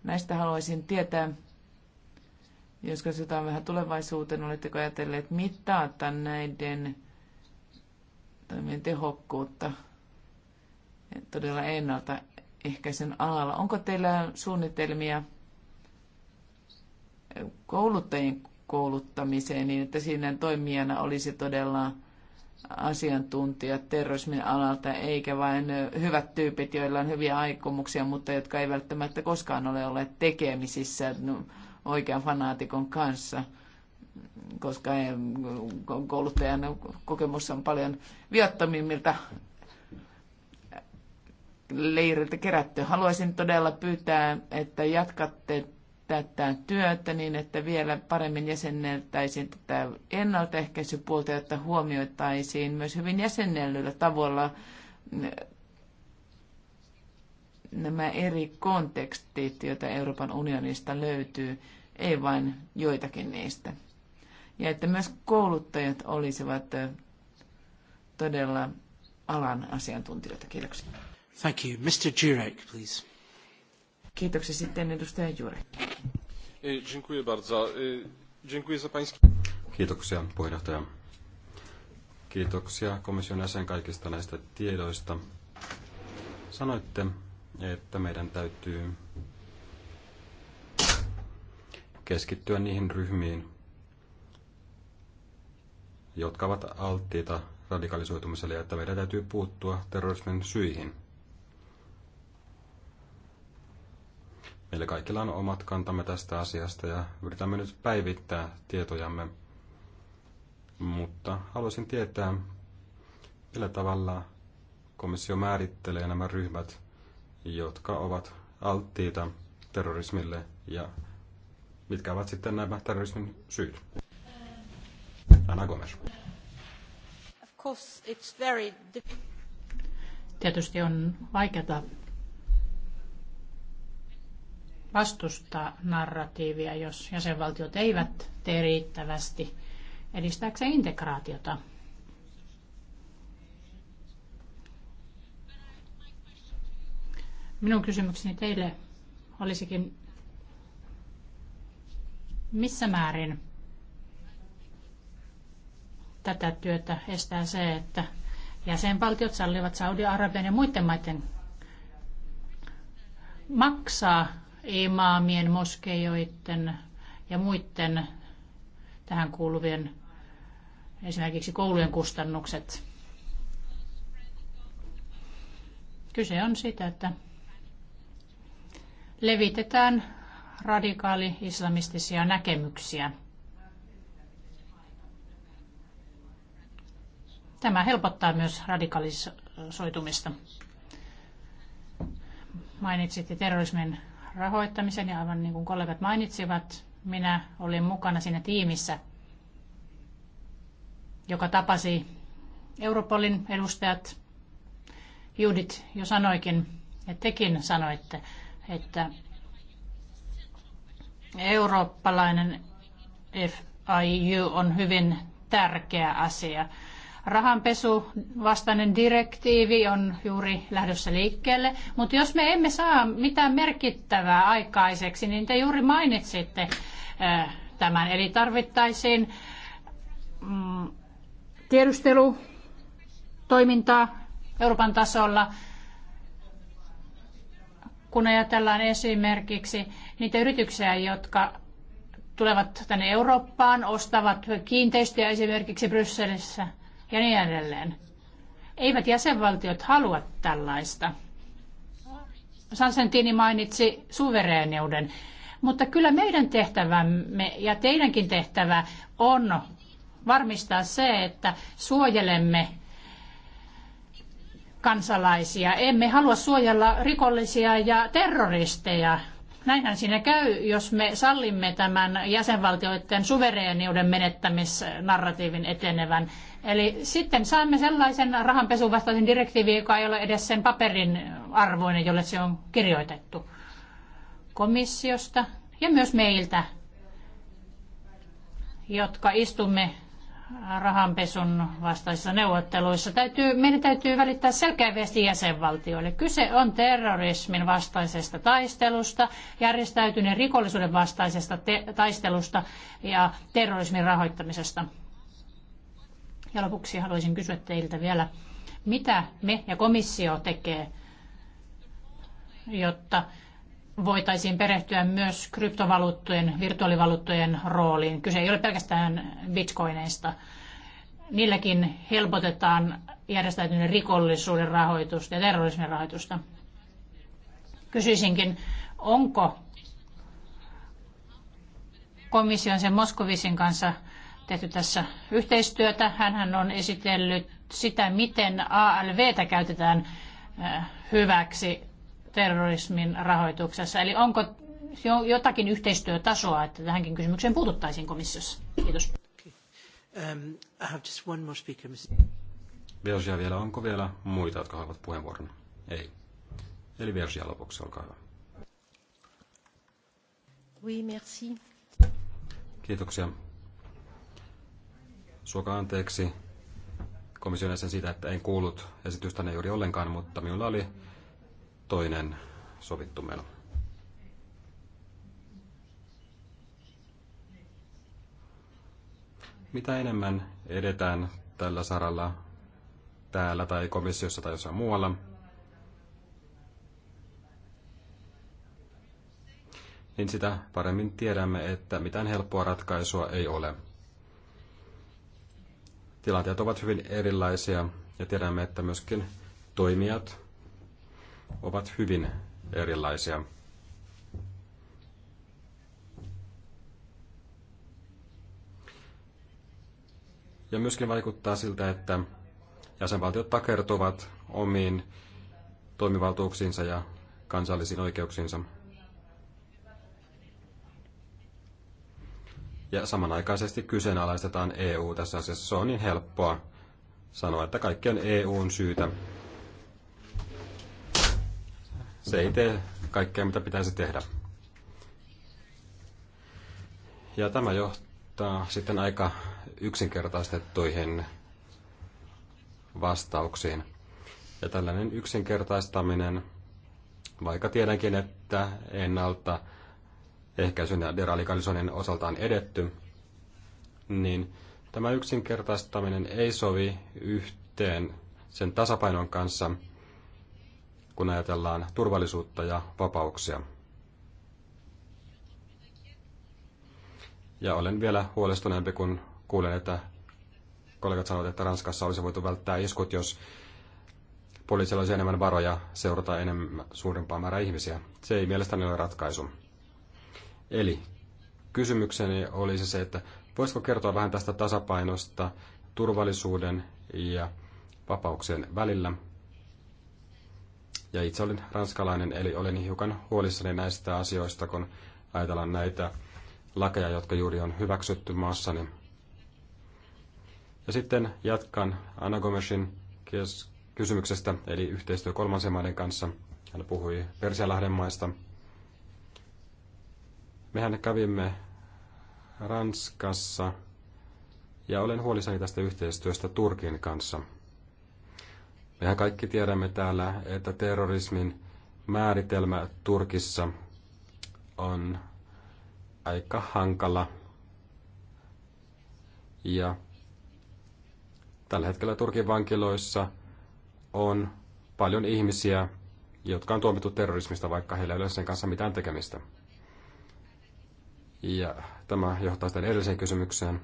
S2: Näistä haluaisin tietää, jos katsotaan vähän tulevaisuuteen, oletteko ajatelleet mittaata näiden toimien tehokkuutta todella ennalta ehkäisen alalla? Onko teillä suunnitelmia kouluttajien kouluttamiseen niin, että siinä toimijana olisi todella asiantuntijat terrorismin alalta, eikä vain hyvät tyypit, joilla on hyviä aikomuksia, mutta jotka ei välttämättä koskaan ole olleet tekemisissä no, oikean fanaatikon kanssa, koska kouluttajan kokemus on paljon viattomimmilta leiriltä kerätty. Haluaisin todella pyytää, että jatkatte tätä työtä niin, että vielä paremmin jäsenneltäisiin tätä ennaltaehkäisypuolta, jotta huomioitaisiin myös hyvin jäsennellyllä tavalla mm, nämä eri kontekstit, joita Euroopan unionista löytyy, ei vain joitakin niistä. Ja että myös kouluttajat olisivat todella alan asiantuntijoita. Kiitoksia. Thank you. Mr. Jurek, please. Kiitoksia sitten edustaja Jure.
S3: Dziękuję bardzo. Dziękuję za pański... Kiitoksia puheenjohtaja. Kiitoksia komission jäsen kaikista näistä tiedoista. Sanoitte, että meidän täytyy keskittyä niihin ryhmiin, jotka ovat alttiita radikalisoitumiselle ja että meidän täytyy puuttua terrorismin syihin – Meillä kaikilla on omat kantamme tästä asiasta ja yritämme nyt päivittää tietojamme. Mutta haluaisin tietää, millä tavalla komissio määrittelee nämä ryhmät, jotka ovat alttiita terrorismille ja mitkä ovat sitten nämä terrorismin syyt.
S1: Anna Gomes. Tietysti on vaikeata vastustaa narratiivia, jos jäsenvaltiot eivät tee riittävästi edistääkseen integraatiota. Minun kysymykseni teille olisikin, missä määrin tätä työtä estää se, että jäsenvaltiot sallivat Saudi-Arabian ja muiden maiden maksaa imaamien, moskeijoiden ja muiden tähän kuuluvien esimerkiksi koulujen kustannukset. Kyse on siitä, että levitetään radikaali-islamistisia näkemyksiä. Tämä helpottaa myös radikalisoitumista. Mainitsitte terrorismin rahoittamisen ja aivan niin kuin kollegat mainitsivat, minä olin mukana siinä tiimissä, joka tapasi Europolin edustajat. Judith jo sanoikin, ja tekin sanoitte, että eurooppalainen FIU on hyvin tärkeä asia. Rahanpesu vastainen direktiivi on juuri lähdössä liikkeelle, mutta jos me emme saa mitään merkittävää aikaiseksi, niin te juuri mainitsitte äh, tämän. Eli tarvittaisiin mm, tiedustelutoimintaa Euroopan tasolla, kun ajatellaan esimerkiksi niitä yrityksiä, jotka tulevat tänne Eurooppaan, ostavat kiinteistöjä esimerkiksi Brysselissä – ja niin edelleen. Eivät jäsenvaltiot halua tällaista. Sansentini mainitsi suvereeniuden, mutta kyllä meidän tehtävämme ja teidänkin tehtävä on varmistaa se, että suojelemme kansalaisia. Emme halua suojella rikollisia ja terroristeja Näinhän siinä käy, jos me sallimme tämän jäsenvaltioiden suvereeniuden menettämisnarratiivin etenevän. Eli sitten saamme sellaisen rahanpesuvastaisen direktiivin, joka ei ole edes sen paperin arvoinen, jolle se on kirjoitettu komissiosta ja myös meiltä, jotka istumme rahanpesun vastaisissa neuvotteluissa. Täytyy, meidän täytyy välittää selkeä viesti jäsenvaltioille. Kyse on terrorismin vastaisesta taistelusta, järjestäytyneen rikollisuuden vastaisesta taistelusta ja terrorismin rahoittamisesta. Ja lopuksi haluaisin kysyä teiltä vielä, mitä me ja komissio tekee, jotta voitaisiin perehtyä myös kryptovaluuttojen, virtuaalivaluuttojen rooliin. Kyse ei ole pelkästään bitcoineista. Niilläkin helpotetaan järjestäytyneen rikollisuuden rahoitusta ja terrorismin rahoitusta. Kysyisinkin, onko komission sen Moskovisin kanssa tehty tässä yhteistyötä. Hän on esitellyt sitä, miten ALVtä käytetään eh, hyväksi terrorismin rahoituksessa. Eli onko jo jotakin yhteistyötasoa, että tähänkin kysymykseen puututtaisiin komissiossa? Kiitos. Um, I have just one more speaker,
S3: Versia vielä, onko vielä muita, jotka haluavat puheenvuoron? Ei. Eli Versia lopuksi, olkaa hyvä.
S1: Oui, merci.
S3: Kiitoksia. Suokaa anteeksi komission jäsen siitä, että en kuullut esitystäne juuri ollenkaan, mutta minulla oli toinen sovittu meno. Mitä enemmän edetään tällä saralla täällä tai komissiossa tai jossain muualla, niin sitä paremmin tiedämme, että mitään helppoa ratkaisua ei ole. Tilanteet ovat hyvin erilaisia ja tiedämme, että myöskin toimijat ovat hyvin erilaisia. Ja myöskin vaikuttaa siltä, että jäsenvaltiot takertuvat omiin toimivaltuuksiinsa ja kansallisiin oikeuksiinsa. Ja samanaikaisesti kyseenalaistetaan EU tässä asiassa. Se on niin helppoa sanoa, että kaikki on EUn syytä se ei tee kaikkea, mitä pitäisi tehdä. Ja tämä johtaa sitten aika yksinkertaistettuihin vastauksiin. Ja tällainen yksinkertaistaminen, vaikka tiedänkin, että ennalta ehkäisyn ja deradikalisoinnin osalta on edetty, niin tämä yksinkertaistaminen ei sovi yhteen sen tasapainon kanssa – kun ajatellaan turvallisuutta ja vapauksia. Ja olen vielä huolestuneempi, kun kuulen, että kollegat sanovat, että Ranskassa olisi voitu välttää iskut, jos poliisilla olisi enemmän varoja seurata enemmän suurempaa määrää ihmisiä. Se ei mielestäni ole ratkaisu. Eli kysymykseni olisi se, että voisiko kertoa vähän tästä tasapainosta turvallisuuden ja vapauksien välillä – ja itse olin ranskalainen, eli olen hiukan huolissani näistä asioista, kun ajatellaan näitä lakeja, jotka juuri on hyväksytty maassani. Ja sitten jatkan Anna Gomesin kysymyksestä, eli yhteistyö kolmansien maiden kanssa. Hän puhui Persialahden maista. Mehän kävimme Ranskassa ja olen huolissani tästä yhteistyöstä Turkin kanssa. Mehän kaikki tiedämme täällä, että terrorismin määritelmä Turkissa on aika hankala. Ja tällä hetkellä Turkin vankiloissa on paljon ihmisiä, jotka on tuomittu terrorismista, vaikka heillä ei ole sen kanssa mitään tekemistä. Ja tämä johtaa sitten edelliseen kysymykseen.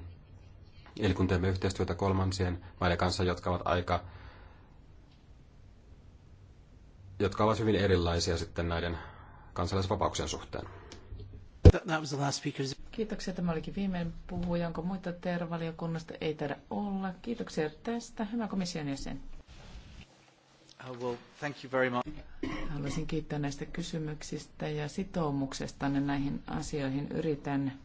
S3: Eli kun teemme yhteistyötä kolmansien maiden kanssa, jotka ovat aika jotka ovat hyvin erilaisia sitten näiden kansalaisvapauksien suhteen.
S2: Kiitoksia. Tämä olikin viimeinen puhuja. Onko muita tervaliokunnasta? Ei taida olla. Kiitoksia tästä. Hyvä komission jäsen.
S1: Oh, well, thank you very much.
S2: Haluaisin kiittää näistä kysymyksistä ja sitoumuksesta näihin asioihin. Yritän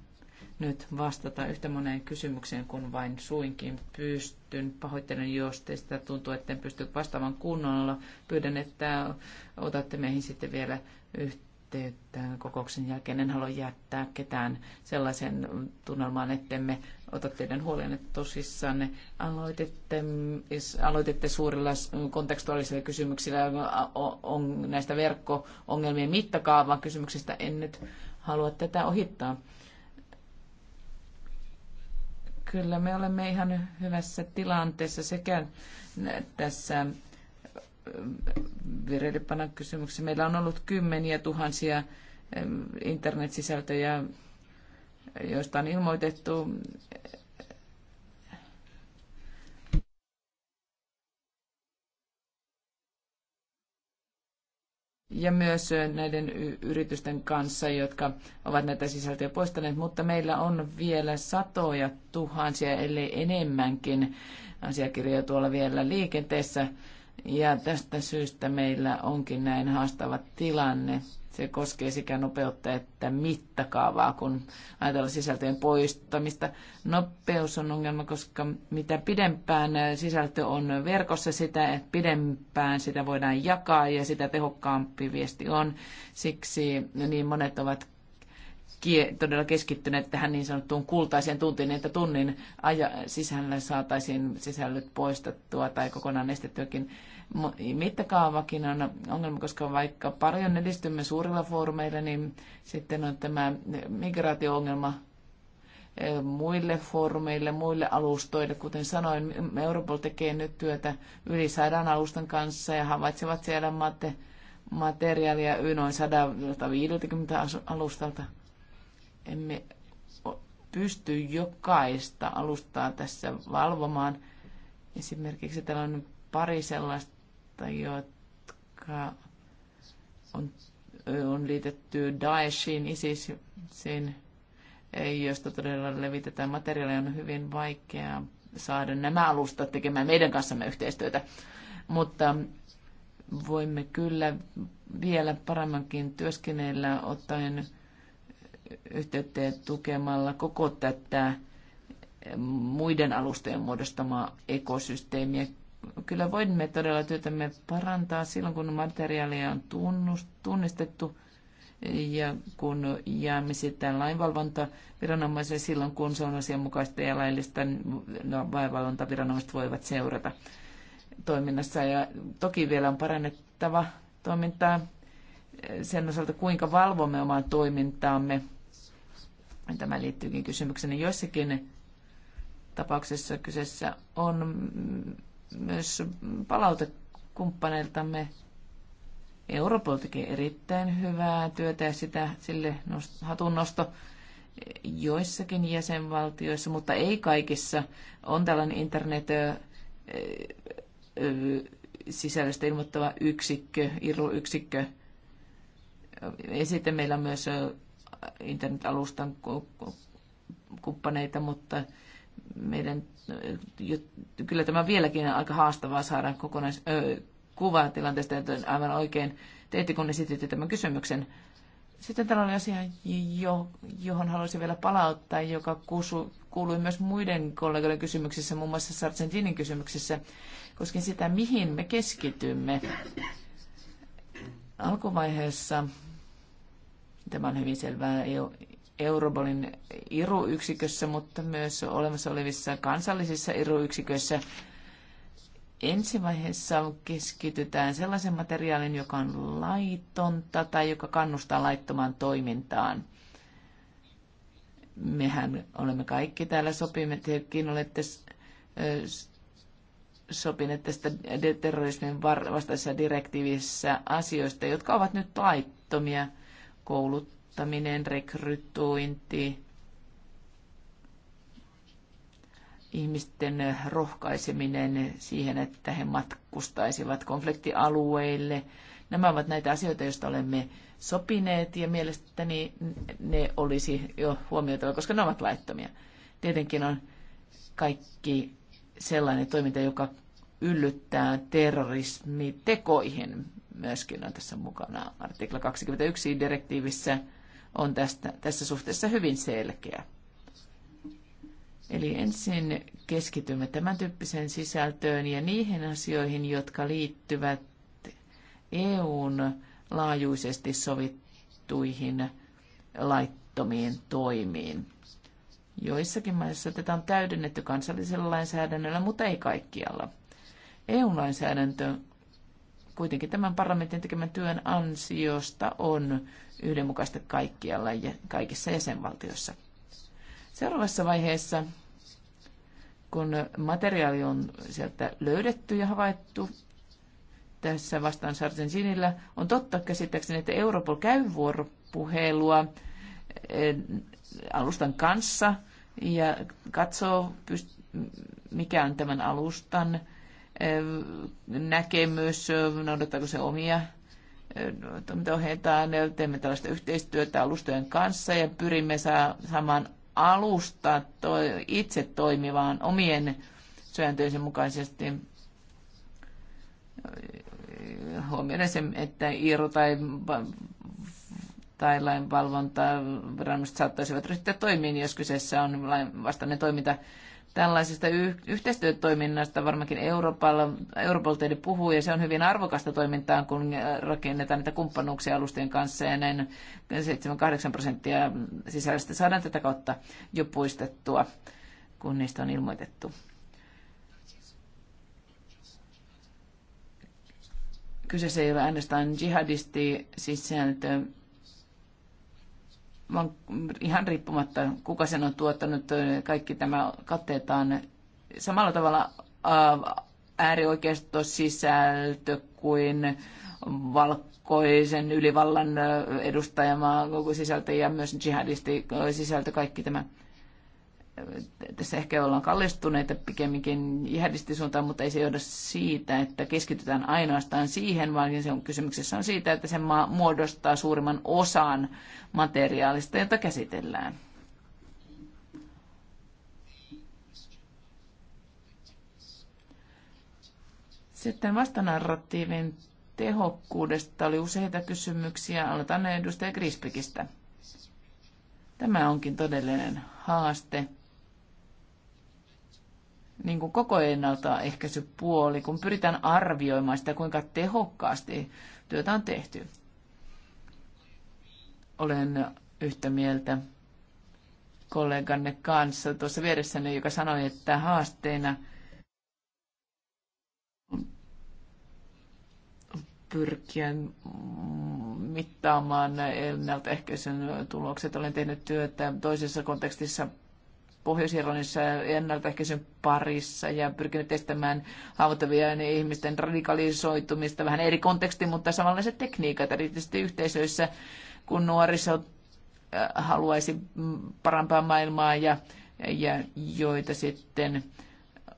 S2: nyt vastata yhtä moneen kysymykseen kuin vain suinkin pystyn. Pahoittelen, jos teistä tuntuu, että en pysty vastaamaan kunnolla. Pyydän, että otatte meihin sitten vielä yhteyttä kokouksen jälkeen. En halua jättää ketään sellaisen tunnelmaan, ettemme ota teidän huolenne tosissanne. Aloitette, aloitette suurilla kontekstuaalisilla kysymyksillä on näistä verkko-ongelmien mittakaavaa kysymyksistä. En nyt halua tätä ohittaa Kyllä me olemme ihan hyvässä tilanteessa sekä tässä vireilypanan kysymyksessä. Meillä on ollut kymmeniä tuhansia internetsisältöjä, joista on ilmoitettu ja myös näiden yritysten kanssa, jotka ovat näitä sisältöjä poistaneet, mutta meillä on vielä satoja tuhansia, ellei enemmänkin asiakirjoja tuolla vielä liikenteessä. Ja tästä syystä meillä onkin näin haastava tilanne. Se koskee sekä nopeutta että mittakaavaa, kun ajatellaan sisältöjen poistamista. Nopeus on ongelma, koska mitä pidempään sisältö on verkossa, sitä pidempään sitä voidaan jakaa ja sitä tehokkaampi viesti on. Siksi niin monet ovat todella keskittyneet tähän niin sanottuun kultaiseen tuntiin, niin että tunnin aja, sisällä saataisiin sisällöt poistettua tai kokonaan estettyäkin. Mittakaavakin on ongelma, koska vaikka paljon edistymme suurilla foorumeilla, niin sitten on tämä migraatio-ongelma e, muille foorumeille, muille alustoille. Kuten sanoin, Europol tekee nyt työtä yli sadan alustan kanssa ja havaitsevat siellä materiaalia noin 150 alustalta emme pysty jokaista alustaa tässä valvomaan. Esimerkiksi täällä on pari sellaista, jotka on, on liitetty Daeshin, ISISin, josta todella levitetään materiaalia, on hyvin vaikeaa saada nämä alustat tekemään meidän kanssamme yhteistyötä. Mutta voimme kyllä vielä paremmankin työskennellä ottaen yhteyttä tukemalla koko tätä muiden alustojen muodostamaa ekosysteemiä. Kyllä voimme todella työtämme parantaa silloin, kun materiaalia on tunnistettu ja kun jäämme sitten lainvalvontaviranomaiseen silloin, kun se on asianmukaista ja laillista, niin no, lainvalvontaviranomaiset voivat seurata toiminnassa. Ja toki vielä on parannettava toimintaa sen osalta, kuinka valvomme omaa toimintaamme niin tämä liittyykin kysymykseen. Joissakin tapauksessa kyseessä on myös palautekumppaneiltamme Europol teki erittäin hyvää työtä ja sitä sille hatunnosto joissakin jäsenvaltioissa, mutta ei kaikissa. On tällainen internet sisällöstä ilmoittava yksikkö, IRU-yksikkö. Ja sitten meillä on myös internet-alustan kumppaneita, mutta meidän, kyllä tämä on vieläkin aika haastavaa saada kokonais, ö, kuvaa tilanteesta, että aivan oikein teitte, kun esititte tämän kysymyksen. Sitten täällä oli asia, jo, johon haluaisin vielä palauttaa, joka kusu, kuului myös muiden kollegoiden kysymyksissä, muun muassa Sargentinin kysymyksissä, koskien sitä, mihin me keskitymme. Alkuvaiheessa Tämä on hyvin selvää Eurobolin iruyksikössä, mutta myös olemassa olevissa kansallisissa iruyksiköissä. Ensi Ensivaiheessa keskitytään sellaisen materiaalin, joka on laitonta tai joka kannustaa laittomaan toimintaan. Mehän olemme kaikki täällä sopimme, tekin olette sopineet tästä terrorismin vastaisessa direktiivissä asioista, jotka ovat nyt laittomia – kouluttaminen, rekrytointi, ihmisten rohkaiseminen siihen, että he matkustaisivat konfliktialueille. Nämä ovat näitä asioita, joista olemme sopineet ja mielestäni ne olisi jo huomioitava, koska ne ovat laittomia. Tietenkin on kaikki sellainen toiminta, joka yllyttää terrorismitekoihin myöskin on tässä mukana. Artikla 21 direktiivissä on tästä, tässä suhteessa hyvin selkeä. Eli ensin keskitymme tämän tyyppiseen sisältöön ja niihin asioihin, jotka liittyvät EUn laajuisesti sovittuihin laittomiin toimiin. Joissakin maissa tätä on täydennetty kansallisella lainsäädännöllä, mutta ei kaikkialla. EU-lainsäädäntö kuitenkin tämän parlamentin tekemän työn ansiosta on yhdenmukaista kaikkialla ja kaikissa jäsenvaltioissa. Seuraavassa vaiheessa, kun materiaali on sieltä löydetty ja havaittu, tässä vastaan Sinillä, on totta käsittääkseni, että Europol käy vuoropuhelua eh, alustan kanssa ja katsoo, mikä on tämän alustan näkemys, noudattaako se omia toimintaohjeitaan. Teemme tällaista yhteistyötä alustojen kanssa ja pyrimme saamaan alusta itse toimivaan omien sääntöjen mukaisesti huomioida se, että IRO tai, tai lainvalvonta saattaisivat ryhtyä toimiin, jos kyseessä on vastainen toiminta tällaisesta yh- yhteistyötoiminnasta varmaankin Euroopalla, Euroopalla teille puhuu, ja se on hyvin arvokasta toimintaa, kun äh, rakennetaan näitä kumppanuuksia alusten kanssa, ja näin 7-8 prosenttia sisällöstä saadaan tätä kautta jo puistettua, kun niistä on ilmoitettu. Kyseessä ei ole äänestään jihadisti sisältö, vaan ihan riippumatta, kuka sen on tuottanut, kaikki tämä katteetaan samalla tavalla äh, äärioikeisto sisältö kuin valkoisen ylivallan äh, edustajama sisältö ja myös jihadisti äh, sisältö, kaikki tämä tässä ehkä ollaan kallistuneita pikemminkin jihadistisuuntaan, mutta ei se johda siitä, että keskitytään ainoastaan siihen, vaan se on, kysymyksessä on siitä, että se maa muodostaa suurimman osan materiaalista, jota käsitellään. Sitten vastanarratiivin tehokkuudesta oli useita kysymyksiä. Aloitan edustaja Krispikistä. Tämä onkin todellinen haaste niin kuin koko ennaltaehkäisypuoli, kun pyritään arvioimaan sitä, kuinka tehokkaasti työtä on tehty. Olen yhtä mieltä kolleganne kanssa tuossa vieressäni, joka sanoi, että haasteena pyrkiä mittaamaan ennaltaehkäisyn tulokset. Olen tehnyt työtä toisessa kontekstissa Pohjois-Irlannissa ennaltaehkäisyn parissa ja pyrkinyt estämään haavoittavia ihmisten radikalisoitumista. Vähän eri konteksti, mutta samanlaiset tekniikat, erityisesti yhteisöissä, kun nuoriso äh, haluaisi parempaa maailmaa ja, ja joita sitten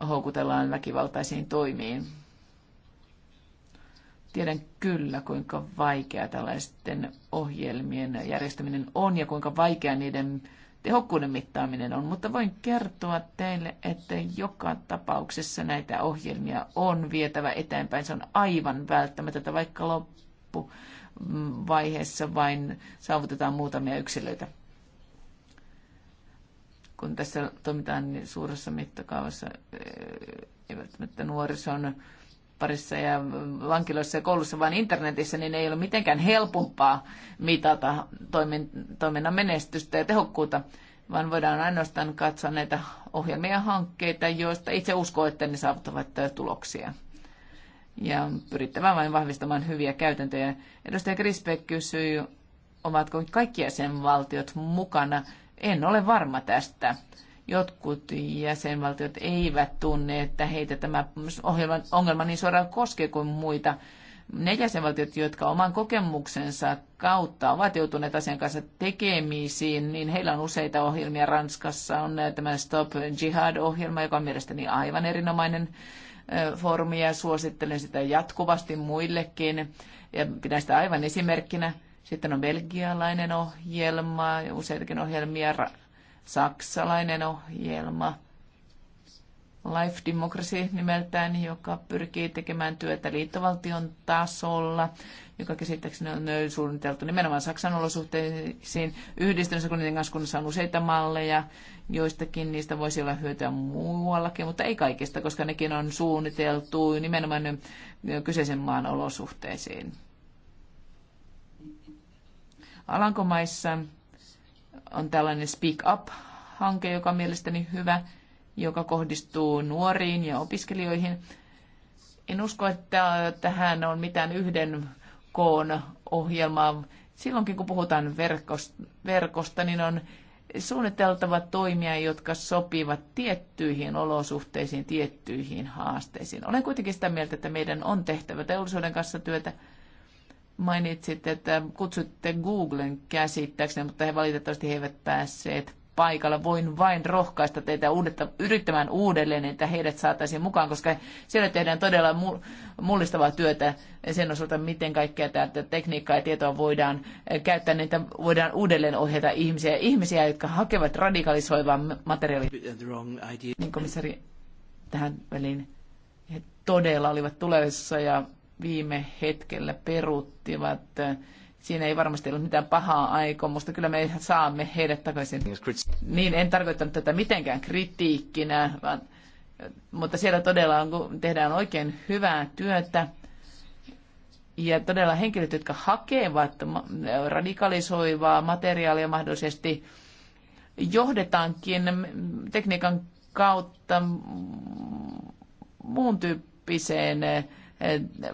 S2: houkutellaan väkivaltaisiin toimiin. Tiedän kyllä, kuinka vaikea tällaisten ohjelmien järjestäminen on ja kuinka vaikea niiden tehokkuuden mittaaminen on, mutta voin kertoa teille, että joka tapauksessa näitä ohjelmia on vietävä eteenpäin. Se on aivan välttämätöntä, vaikka loppuvaiheessa vain saavutetaan muutamia yksilöitä. Kun tässä toimitaan niin suuressa mittakaavassa, ei välttämättä nuorison parissa ja vankiloissa ja koulussa, vaan internetissä, niin ei ole mitenkään helpompaa mitata toiminnan menestystä ja tehokkuutta, vaan voidaan ainoastaan katsoa näitä ohjelmia ja hankkeita, joista itse uskoo, että ne saavuttavat tuloksia. Ja pyrittävä vain vahvistamaan hyviä käytäntöjä. Edustaja Grisbeck kysyi, ovatko kaikki jäsenvaltiot mukana. En ole varma tästä jotkut jäsenvaltiot eivät tunne, että heitä tämä ohjelman ongelma niin suoraan koskee kuin muita. Ne jäsenvaltiot, jotka oman kokemuksensa kautta ovat joutuneet asian kanssa tekemisiin, niin heillä on useita ohjelmia. Ranskassa on äh, tämä Stop Jihad-ohjelma, joka on mielestäni aivan erinomainen äh, foorumi ja suosittelen sitä jatkuvasti muillekin. Ja pidän sitä aivan esimerkkinä. Sitten on belgialainen ohjelma, useitakin ohjelmia saksalainen ohjelma Life Democracy nimeltään, joka pyrkii tekemään työtä liittovaltion tasolla, joka käsittääkseni on suunniteltu nimenomaan Saksan olosuhteisiin. Yhdistyneessä kuningaskunnassa on useita malleja, joistakin niistä voisi olla hyötyä muuallakin, mutta ei kaikista, koska nekin on suunniteltu nimenomaan kyseisen maan olosuhteisiin. Alankomaissa on tällainen Speak Up-hanke, joka on mielestäni hyvä, joka kohdistuu nuoriin ja opiskelijoihin. En usko, että tähän on mitään yhden koon ohjelmaa. Silloinkin kun puhutaan verkosta, niin on suunniteltava toimia, jotka sopivat tiettyihin olosuhteisiin, tiettyihin haasteisiin. Olen kuitenkin sitä mieltä, että meidän on tehtävä teollisuuden kanssa työtä Mainitsit, että kutsutte Googlen käsittääkseni, mutta he valitettavasti he eivät päässeet paikalla. Voin vain rohkaista teitä uudetta, yrittämään uudelleen, että heidät saataisiin mukaan, koska siellä tehdään todella mullistavaa työtä sen osalta, miten kaikkea tätä tekniikkaa ja tietoa voidaan käyttää, niin että voidaan uudelleen ohjata ihmisiä, ihmisiä jotka hakevat radikalisoivaa materiaalia. Niin komissari tähän väliin, he todella olivat tulevissa ja viime hetkellä peruttivat. Siinä ei varmasti ollut mitään pahaa mutta Kyllä me saamme heidät takaisin. Niin, en tarkoittanut tätä mitenkään kritiikkinä, vaan, mutta siellä todella on, kun tehdään oikein hyvää työtä. Ja todella henkilöt, jotka hakevat radikalisoivaa materiaalia mahdollisesti, johdetaankin tekniikan kautta muun tyyppiseen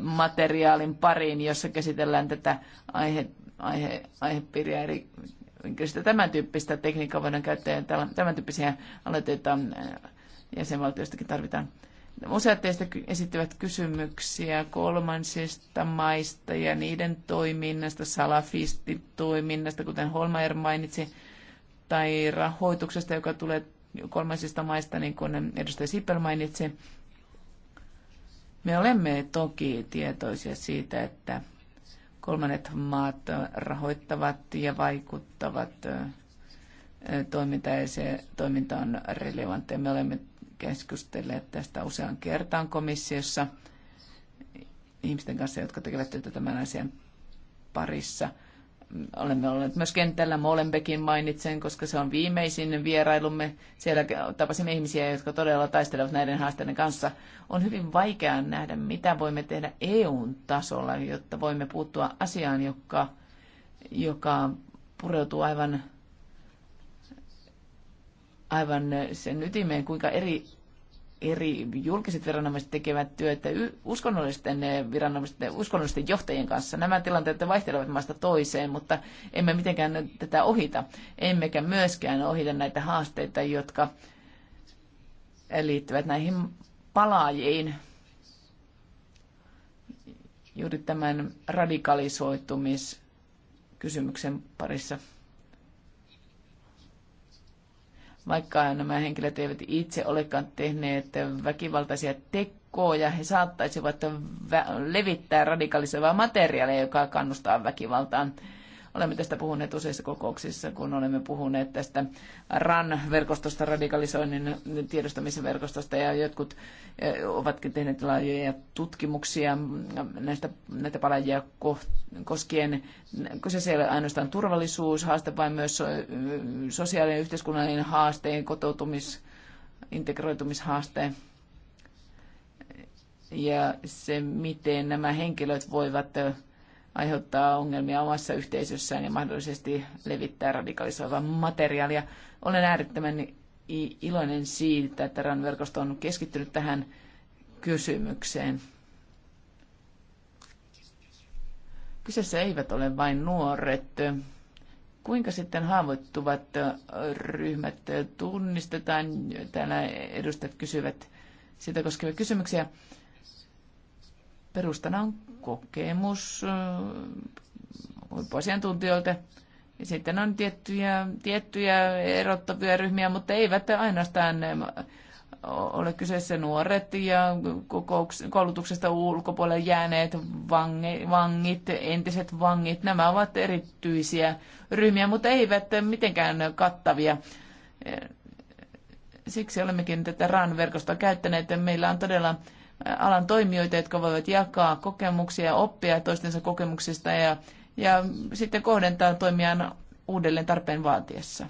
S2: materiaalin pariin, jossa käsitellään tätä aihe, aihe, aihepiiriä eri kyllä tämän tyyppistä tekniikkaa voidaan käyttää ja tämän tyyppisiä aloitteita äh, jäsenvaltioistakin tarvitaan. Useat teistä esittivät kysymyksiä kolmansista maista ja niiden toiminnasta, salafistitoiminnasta, kuten Holmeier mainitsi, tai rahoituksesta, joka tulee kolmansista maista, niin kuin edustaja Sipel mainitsi. Me olemme toki tietoisia siitä, että kolmannet maat rahoittavat ja vaikuttavat toimintaan ja se toiminta on relevanttia. Me olemme keskustelleet tästä usean kertaan komissiossa ihmisten kanssa, jotka tekevät työtä tämän asian parissa – olemme olleet myös kentällä. Molenbekin mainitsen, koska se on viimeisin vierailumme. Siellä tapasimme ihmisiä, jotka todella taistelevat näiden haasteiden kanssa. On hyvin vaikeaa nähdä, mitä voimme tehdä eu tasolla, jotta voimme puuttua asiaan, joka, joka pureutuu aivan, aivan sen ytimeen, kuinka eri eri julkiset viranomaiset tekevät työtä uskonnollisten eh, viranomaisten, eh, uskonnollisten johtajien kanssa. Nämä tilanteet vaihtelevat maasta toiseen, mutta emme mitenkään tätä ohita. Emmekä myöskään ohita näitä haasteita, jotka liittyvät näihin palaajiin. Juuri tämän radikalisoitumiskysymyksen parissa. vaikka nämä henkilöt eivät itse olekaan tehneet väkivaltaisia tekoja, he saattaisivat levittää radikalisoivaa materiaalia, joka kannustaa väkivaltaan. Olemme tästä puhuneet useissa kokouksissa, kun olemme puhuneet tästä RAN-verkostosta, radikalisoinnin tiedostamisen verkostosta, ja jotkut eh, ovatkin tehneet laajoja tutkimuksia näistä, näitä palajia koskien. Kyseessä ei ole ainoastaan turvallisuushaaste, vaan myös eh, sosiaalinen ja yhteiskunnallinen haaste, kotoutumis, integroitumishaaste ja se, miten nämä henkilöt voivat eh, aiheuttaa ongelmia omassa yhteisössään ja mahdollisesti levittää radikalisoivaa materiaalia. Olen äärettömän iloinen siitä, että RAN-verkosto on keskittynyt tähän kysymykseen. Kyseessä eivät ole vain nuoret. Kuinka sitten haavoittuvat ryhmät tunnistetaan? Täällä edustajat kysyvät sitä koskevia kysymyksiä. Perustana on kokemus huippuasiantuntijoilta. Ja sitten on tiettyjä, tiettyjä erottavia ryhmiä, mutta eivät ainoastaan ole kyseessä nuoret ja koulutuksesta ulkopuolelle jääneet vangit, entiset vangit. Nämä ovat erityisiä ryhmiä, mutta eivät mitenkään kattavia. Siksi olemmekin tätä RAN-verkostoa käyttäneet. Meillä on todella alan toimijoita, jotka voivat jakaa kokemuksia ja oppia toistensa kokemuksista ja, ja sitten kohdentaa toimijan uudelleen tarpeen vaatiessa.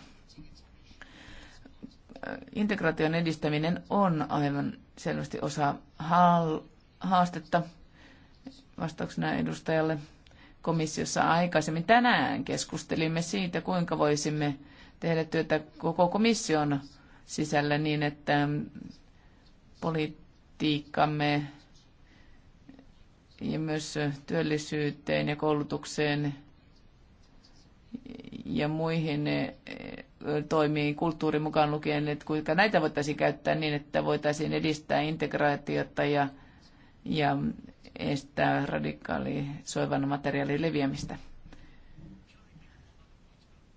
S2: Integraation edistäminen on aivan selvästi osa haastetta vastauksena edustajalle komissiossa aikaisemmin. Tänään keskustelimme siitä, kuinka voisimme tehdä työtä koko komission sisällä niin, että poliittinen politiikkamme ja myös työllisyyteen ja koulutukseen ja muihin eh, toimiin, kulttuurin mukaan lukien, että kuinka näitä voitaisiin käyttää niin, että voitaisiin edistää integraatiota ja, ja estää radikaali soivan materiaalin leviämistä.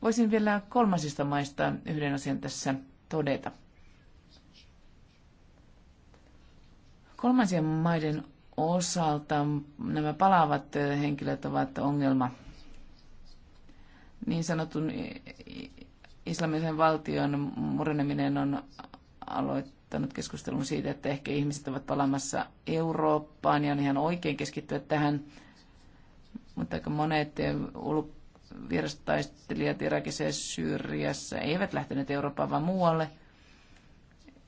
S2: Voisin vielä kolmasista maista yhden asian tässä todeta. Kolmansien maiden osalta nämä palaavat eh, henkilöt ovat ongelma. Niin sanotun islamisen valtion mureneminen on aloittanut keskustelun siitä, että ehkä ihmiset ovat palaamassa Eurooppaan ja on ihan oikein keskittyä tähän. Mutta aika monet eh, vierastaistelijat Irakissa ja Syyriassa eivät lähteneet Eurooppaan vaan muualle –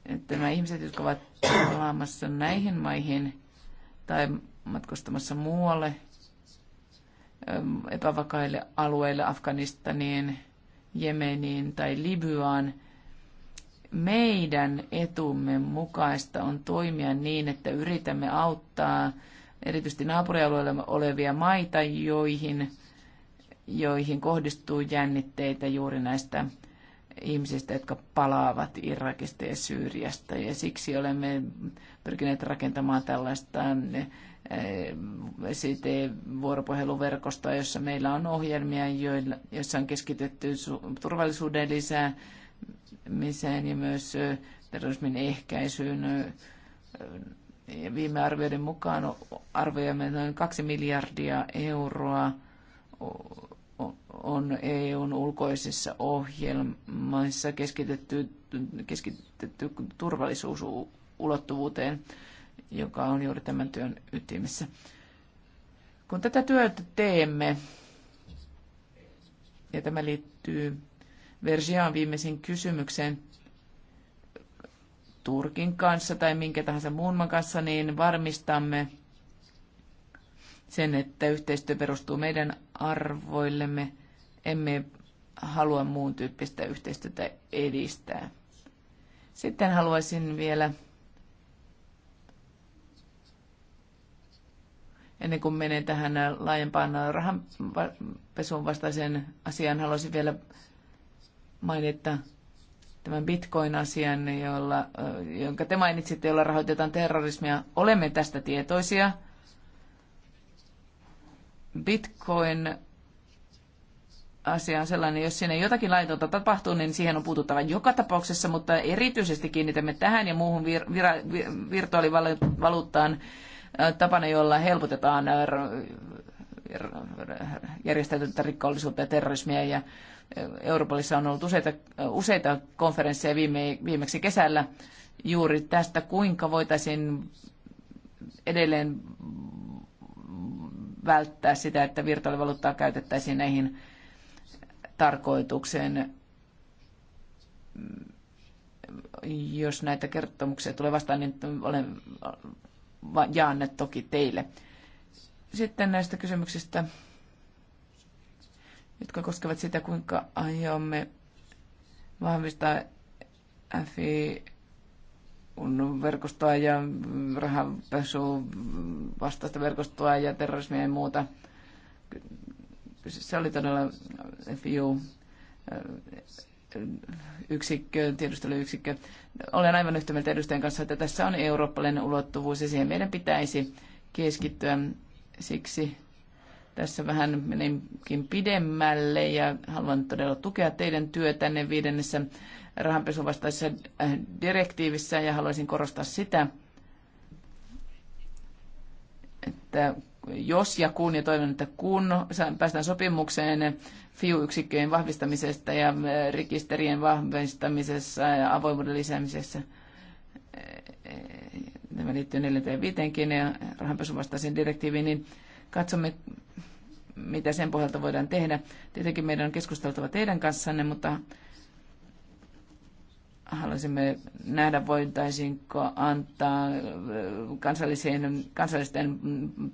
S2: että nämä ihmiset, jotka ovat palaamassa näihin maihin tai matkustamassa muualle ähm, epävakaille alueille, Afganistaniin, Jemeniin tai Libyaan, meidän etumme mukaista on toimia niin, että yritämme auttaa erityisesti naapurialueilla olevia maita, joihin, joihin kohdistuu jännitteitä juuri näistä ihmisistä, jotka palaavat Irakista ja Syyriasta. Ja siksi olemme pyrkineet rakentamaan tällaista eh, vuoropuheluverkostoa jossa meillä on ohjelmia, joilla, joissa on keskitytty turvallisuuden lisäämiseen ja myös eh, terrorismin ehkäisyyn. Eh, viime arvioiden mukaan arvioimme noin 2 miljardia euroa on EUn ulkoisissa ohjelmissa keskitetty, keskitetty turvallisuusulottuvuuteen, joka on juuri tämän työn ytimessä. Kun tätä työtä teemme, ja tämä liittyy Versiaan viimeisin kysymykseen Turkin kanssa tai minkä tahansa muun maan kanssa, niin varmistamme sen, että yhteistyö perustuu meidän arvoillemme. Emme halua muun tyyppistä yhteistyötä edistää. Sitten haluaisin vielä, ennen kuin menen tähän laajempaan rahanpesun vastaiseen asiaan, haluaisin vielä mainita tämän bitcoin-asian, jolla, jonka te mainitsitte, jolla rahoitetaan terrorismia. Olemme tästä tietoisia – Bitcoin asia on sellainen, jos sinne jotakin laitonta tapahtuu, niin siihen on puututtava joka tapauksessa, mutta erityisesti kiinnitämme tähän ja muuhun vir- vir- virtuaalivaluuttaan äh, tapana, jolla helpotetaan äh, järjestäytynyttä rikollisuutta ja terrorismia. Ja äh, Euroopassa on ollut useita, useita konferensseja viime, viimeksi kesällä juuri tästä, kuinka voitaisiin edelleen välttää sitä, että virtuaalivaluuttaa käytettäisiin näihin tarkoitukseen. Jos näitä kertomuksia tulee vastaan, niin olen, jaan ne toki teille. Sitten näistä kysymyksistä, jotka koskevat sitä, kuinka aiomme vahvistaa FI kun verkostoa ja rahanpesu vastaista verkostoa ja terrorismia ja muuta. Se oli todella FIU äh, yksikkö, tiedusteluyksikkö. Olen aivan yhtä mieltä edustajan kanssa, että tässä on eurooppalainen ulottuvuus ja siihen meidän pitäisi keskittyä. Siksi tässä vähän meninkin pidemmälle ja haluan todella tukea teidän työtänne viidennessä vastaisessa äh, direktiivissä ja haluaisin korostaa sitä, että jos ja kun, ja toivon, että kun päästään sopimukseen FIU-yksikköjen vahvistamisesta ja äh, rekisterien vahvistamisessa ja avoimuuden lisäämisessä, äh, tämä liittyy 4 ja 5 ja vastaiseen direktiiviin, niin katsomme, mitä sen pohjalta voidaan tehdä. Tietenkin meidän on keskusteltava teidän kanssanne, mutta haluaisimme nähdä, voitaisiinko antaa äh, kansallisiin, kansallisten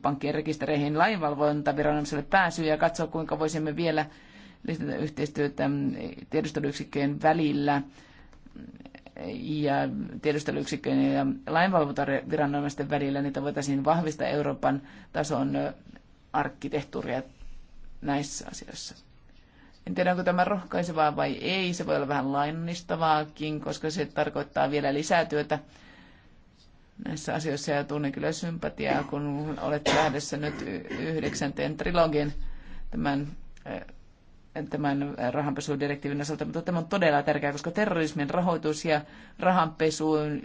S2: pankkien rekistereihin lainvalvontaviranomaiselle pääsyä ja katsoa, kuinka voisimme vielä lisätä yhteistyötä tiedusteluyksikköjen välillä ja tiedusteluyksikköjen ja lainvalvontaviranomaisten välillä. Niitä voitaisiin vahvistaa Euroopan tason arkkitehtuuria näissä asioissa. En tiedä, onko tämä rohkaisevaa vai ei. Se voi olla vähän lainnistavaakin, koska se tarkoittaa vielä lisää työtä näissä asioissa. Ja tunnen kyllä sympatiaa, kun olet lähdössä nyt yhdeksänteen trilogin tämän eh, tämän rahanpesudirektiivin osalta, mutta tämä on todella tärkeää, koska terrorismin rahoitus ja rahanpesun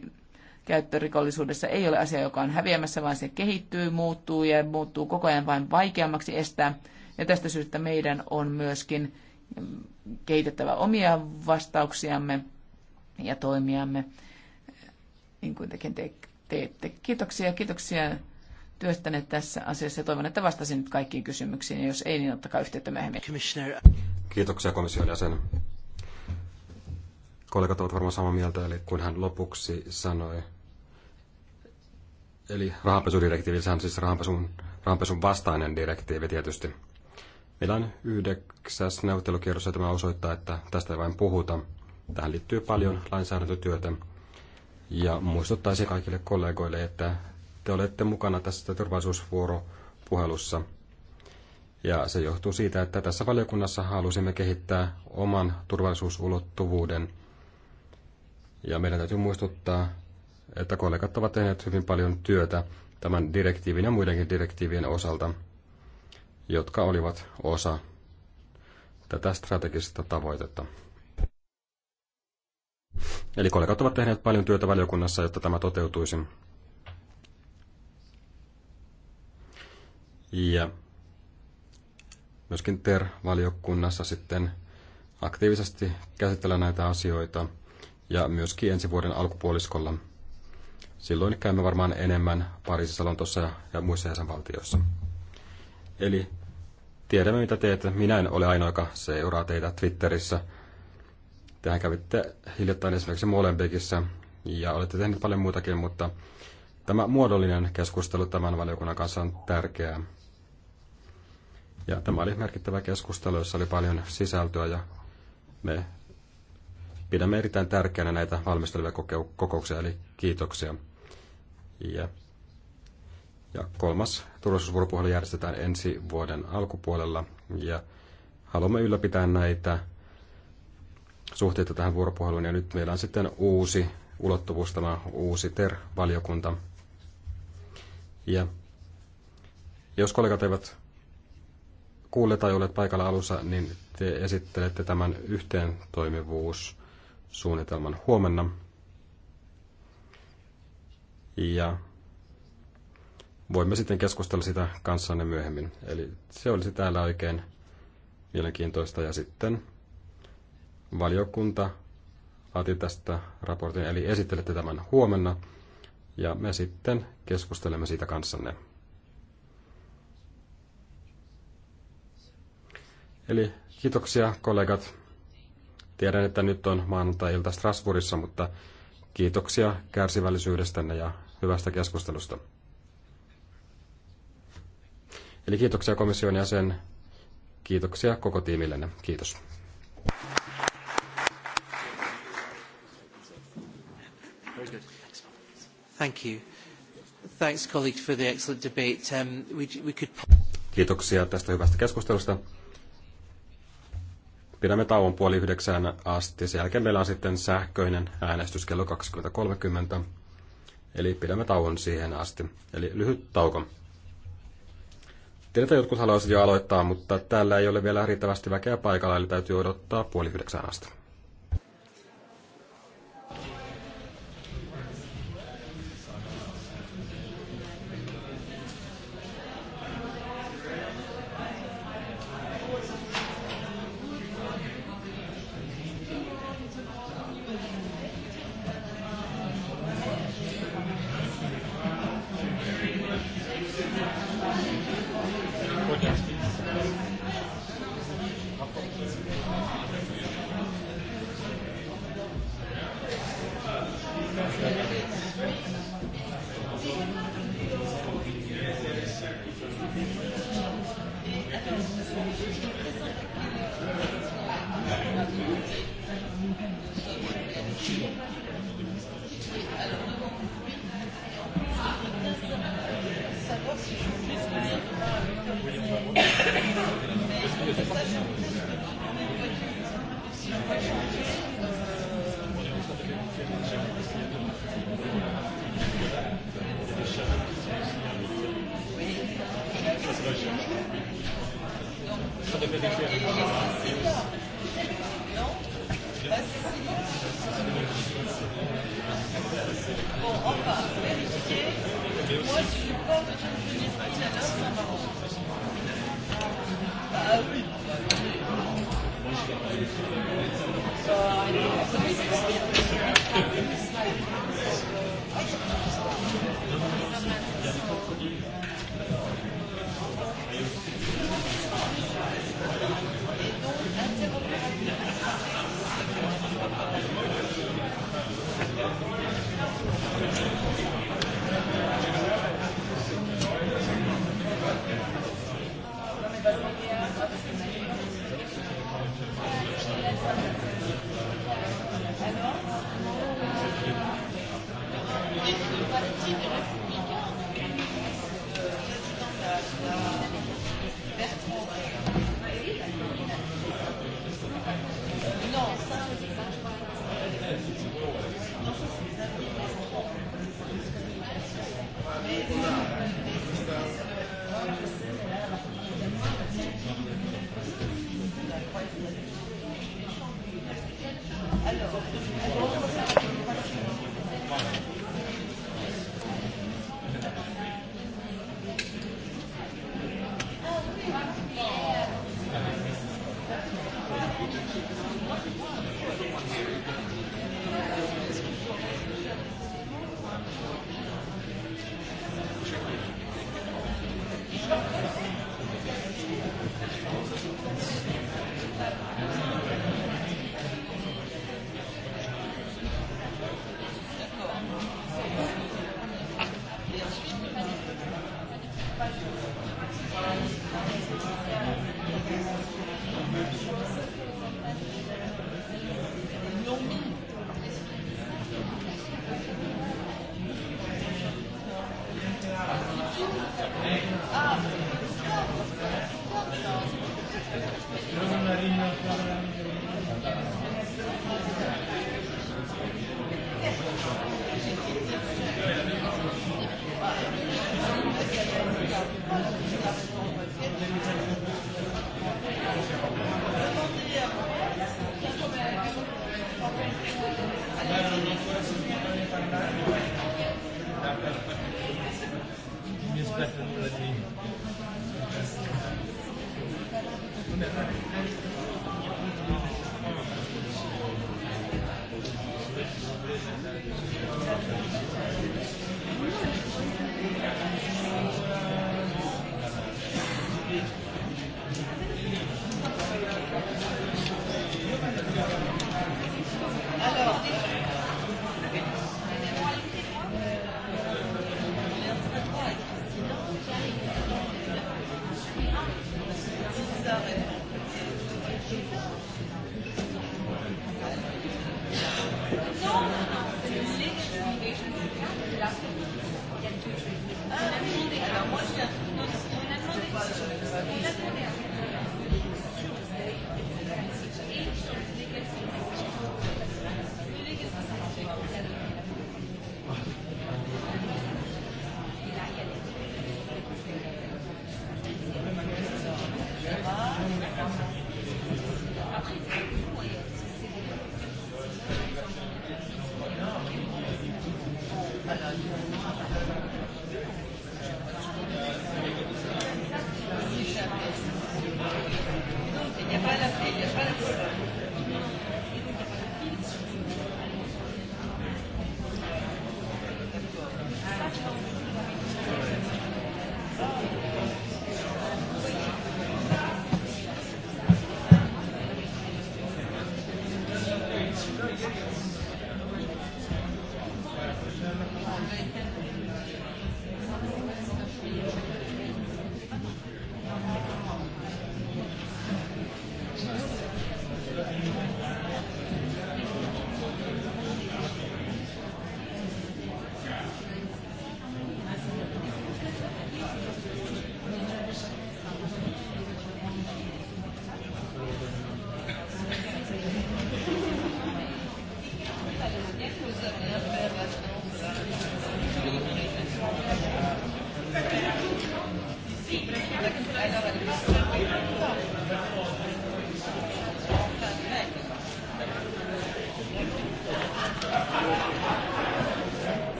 S2: käyttörikollisuudessa ei ole asia, joka on häviämässä, vaan se kehittyy, muuttuu ja muuttuu koko ajan vain vaikeammaksi estää. Ja tästä syystä meidän on myöskin kehitettävä omia vastauksiamme ja toimiamme, niin kuin tekin te, teette. Kiitoksia, kiitoksia työstäne tässä asiassa ja toivon, että vastasin nyt kaikkiin kysymyksiin ja jos ei, niin ottakaa yhteyttä myöhemmin.
S3: Kiitoksia komission jäsen. Kollegat ovat varmaan samaa mieltä, eli kun hän lopuksi sanoi, eli rahanpesudirektiivi, sehän on siis rahanpesun, rahanpesun vastainen direktiivi tietysti. Meillä on yhdeksäs neuvottelukierros ja tämä osoittaa, että tästä ei vain puhuta. Tähän liittyy paljon lainsäädäntötyötä ja muistuttaisin kaikille kollegoille, että te olette mukana tässä turvallisuusvuoropuhelussa. Ja se johtuu siitä, että tässä valiokunnassa halusimme kehittää oman turvallisuusulottuvuuden. Ja meidän täytyy muistuttaa, että kollegat ovat tehneet hyvin paljon työtä tämän direktiivin ja muidenkin direktiivien osalta jotka olivat osa tätä strategista tavoitetta. Eli kollegat ovat tehneet paljon työtä valiokunnassa, jotta tämä toteutuisi. Ja myöskin TER-valiokunnassa sitten aktiivisesti käsitellä näitä asioita ja myöskin ensi vuoden alkupuoliskolla. Silloin käymme varmaan enemmän Pariisissa, Lontossa ja muissa jäsenvaltioissa. Eli tiedämme, mitä teet. Minä en ole ainoa, joka seuraa teitä Twitterissä. Tehän kävitte hiljattain esimerkiksi Molenbeekissä ja olette tehneet paljon muutakin, mutta tämä muodollinen keskustelu tämän valiokunnan kanssa on tärkeää. Ja tämä oli merkittävä keskustelu, jossa oli paljon sisältöä ja me pidämme erittäin tärkeänä näitä valmistelevia kokouksia, eli kiitoksia. Ja ja kolmas turvallisuusvuoropuhelu järjestetään ensi vuoden alkupuolella ja haluamme ylläpitää näitä suhteita tähän vuoropuheluun. Ja nyt meillä on sitten uusi ulottuvuus, tämä uusi TER-valiokunta. Ja jos kollegat eivät kuule tai olleet paikalla alussa, niin te esittelette tämän yhteen toimivuussuunnitelman huomenna. Ja voimme sitten keskustella sitä kanssanne myöhemmin. Eli se olisi täällä oikein mielenkiintoista. Ja sitten valiokunta laati tästä raportin, eli esittelette tämän huomenna, ja me sitten keskustelemme siitä kanssanne. Eli kiitoksia kollegat. Tiedän, että nyt on maanantai-ilta Strasbourgissa, mutta kiitoksia kärsivällisyydestänne ja hyvästä keskustelusta. Eli kiitoksia komission jäsen, kiitoksia koko tiimillenne. Kiitos.
S1: Thank you. Thanks, colleague, for the excellent debate. Um, we, we could...
S3: Kiitoksia tästä hyvästä keskustelusta. Pidämme tauon puoli yhdeksään asti. Sen jälkeen meillä on sitten sähköinen äänestys kello 20.30. Eli pidämme tauon siihen asti. Eli lyhyt tauko. Tiedän, että jotkut haluaisivat jo aloittaa, mutta täällä ei ole vielä riittävästi väkeä paikalla, eli täytyy odottaa puoli yhdeksän asti.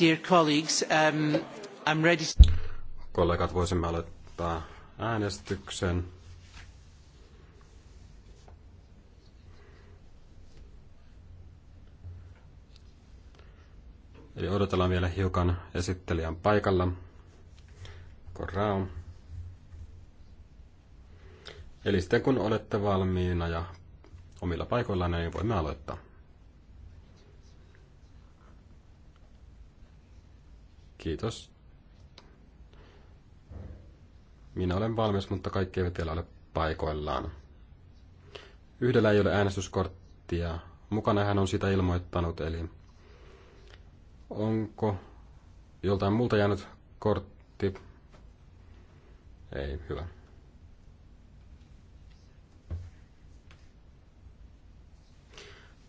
S1: Dear colleagues,
S3: um, I'm ready. Kollegat, voisimme aloittaa äänestyksen. Eli odotellaan vielä hiukan esittelijän paikalla. Korrao. Eli sitten kun olette valmiina ja omilla paikoillaan, niin voimme aloittaa. Kiitos. Minä olen valmis, mutta kaikki eivät vielä ole paikoillaan. Yhdellä ei ole äänestyskorttia. Mukana hän on sitä ilmoittanut, eli onko joltain muuta jäänyt kortti? Ei, hyvä.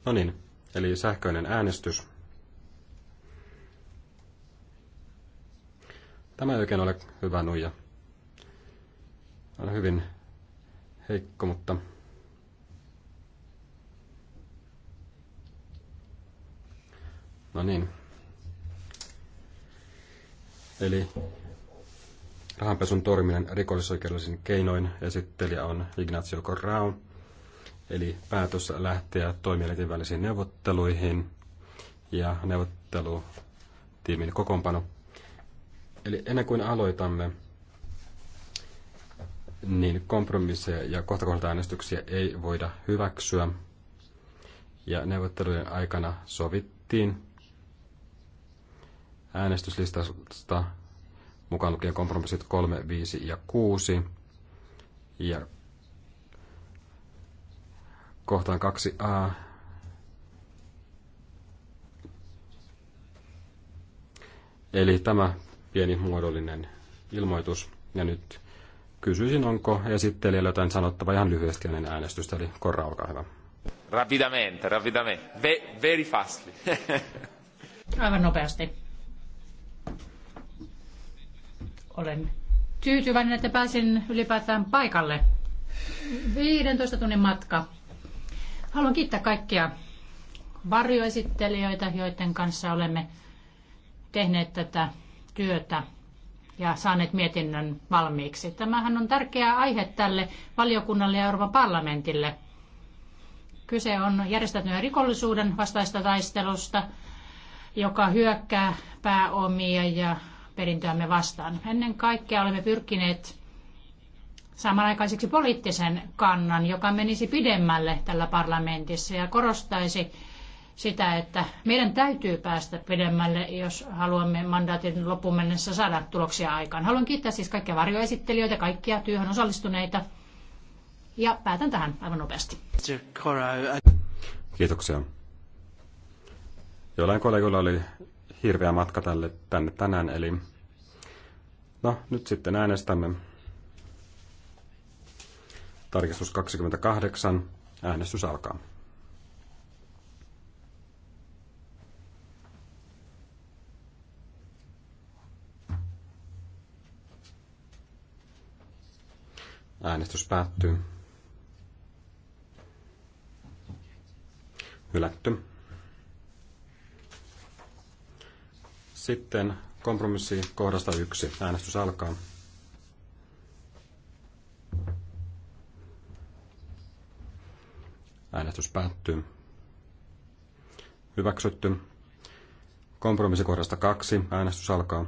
S3: No niin, eli sähköinen äänestys. Tämä ei oikein ole hyvä nuija. On hyvin heikko, mutta No niin. Eli rahanpesun torminen rikollisoikeudellisin keinoin esittelijä on Ignacio Corrao. Eli päätös lähteä toimielinten välisiin neuvotteluihin ja neuvottelutiimin kokoonpano – Eli ennen kuin aloitamme, niin kompromisseja ja kohtakohdalta äänestyksiä ei voida hyväksyä. Ja neuvottelujen aikana sovittiin äänestyslistasta mukaan lukien kompromissit 3, 5 ja 6. Ja kohtaan 2a Eli tämä pieni muodollinen ilmoitus. Ja nyt kysyisin, onko esittelijällä jotain sanottava ihan lyhyesti ennen äänestystä, eli Korra, olkaa hyvä.
S2: Rapidamente, rapidamente. Ve, very fastly.
S1: Aivan nopeasti. Olen tyytyväinen, että pääsin ylipäätään paikalle. 15 tunnin matka. Haluan kiittää kaikkia varjoesittelijöitä, joiden kanssa olemme tehneet tätä työtä ja saaneet mietinnön valmiiksi. Tämähän on tärkeä aihe tälle valiokunnalle ja Euroopan parlamentille. Kyse on järjestäytyneen rikollisuuden vastaista taistelusta, joka hyökkää pääomia ja perintöämme vastaan. Ennen kaikkea olemme pyrkineet samanaikaiseksi poliittisen kannan, joka menisi pidemmälle tällä parlamentissa ja korostaisi sitä, että meidän täytyy päästä pidemmälle, jos haluamme mandaatin loppuun mennessä saada tuloksia aikaan. Haluan kiittää siis kaikkia varjoesittelijöitä, kaikkia työhön osallistuneita. Ja päätän tähän aivan nopeasti.
S3: Kiitoksia. Jollain kollegoilla oli hirveä matka tälle, tänne tänään, eli no, nyt sitten äänestämme. Tarkistus 28. Äänestys alkaa. Äänestys päättyy. Hylätty. Sitten kompromissi kohdasta yksi. Äänestys alkaa. Äänestys päättyy. Hyväksytty. kohdasta kaksi. Äänestys alkaa.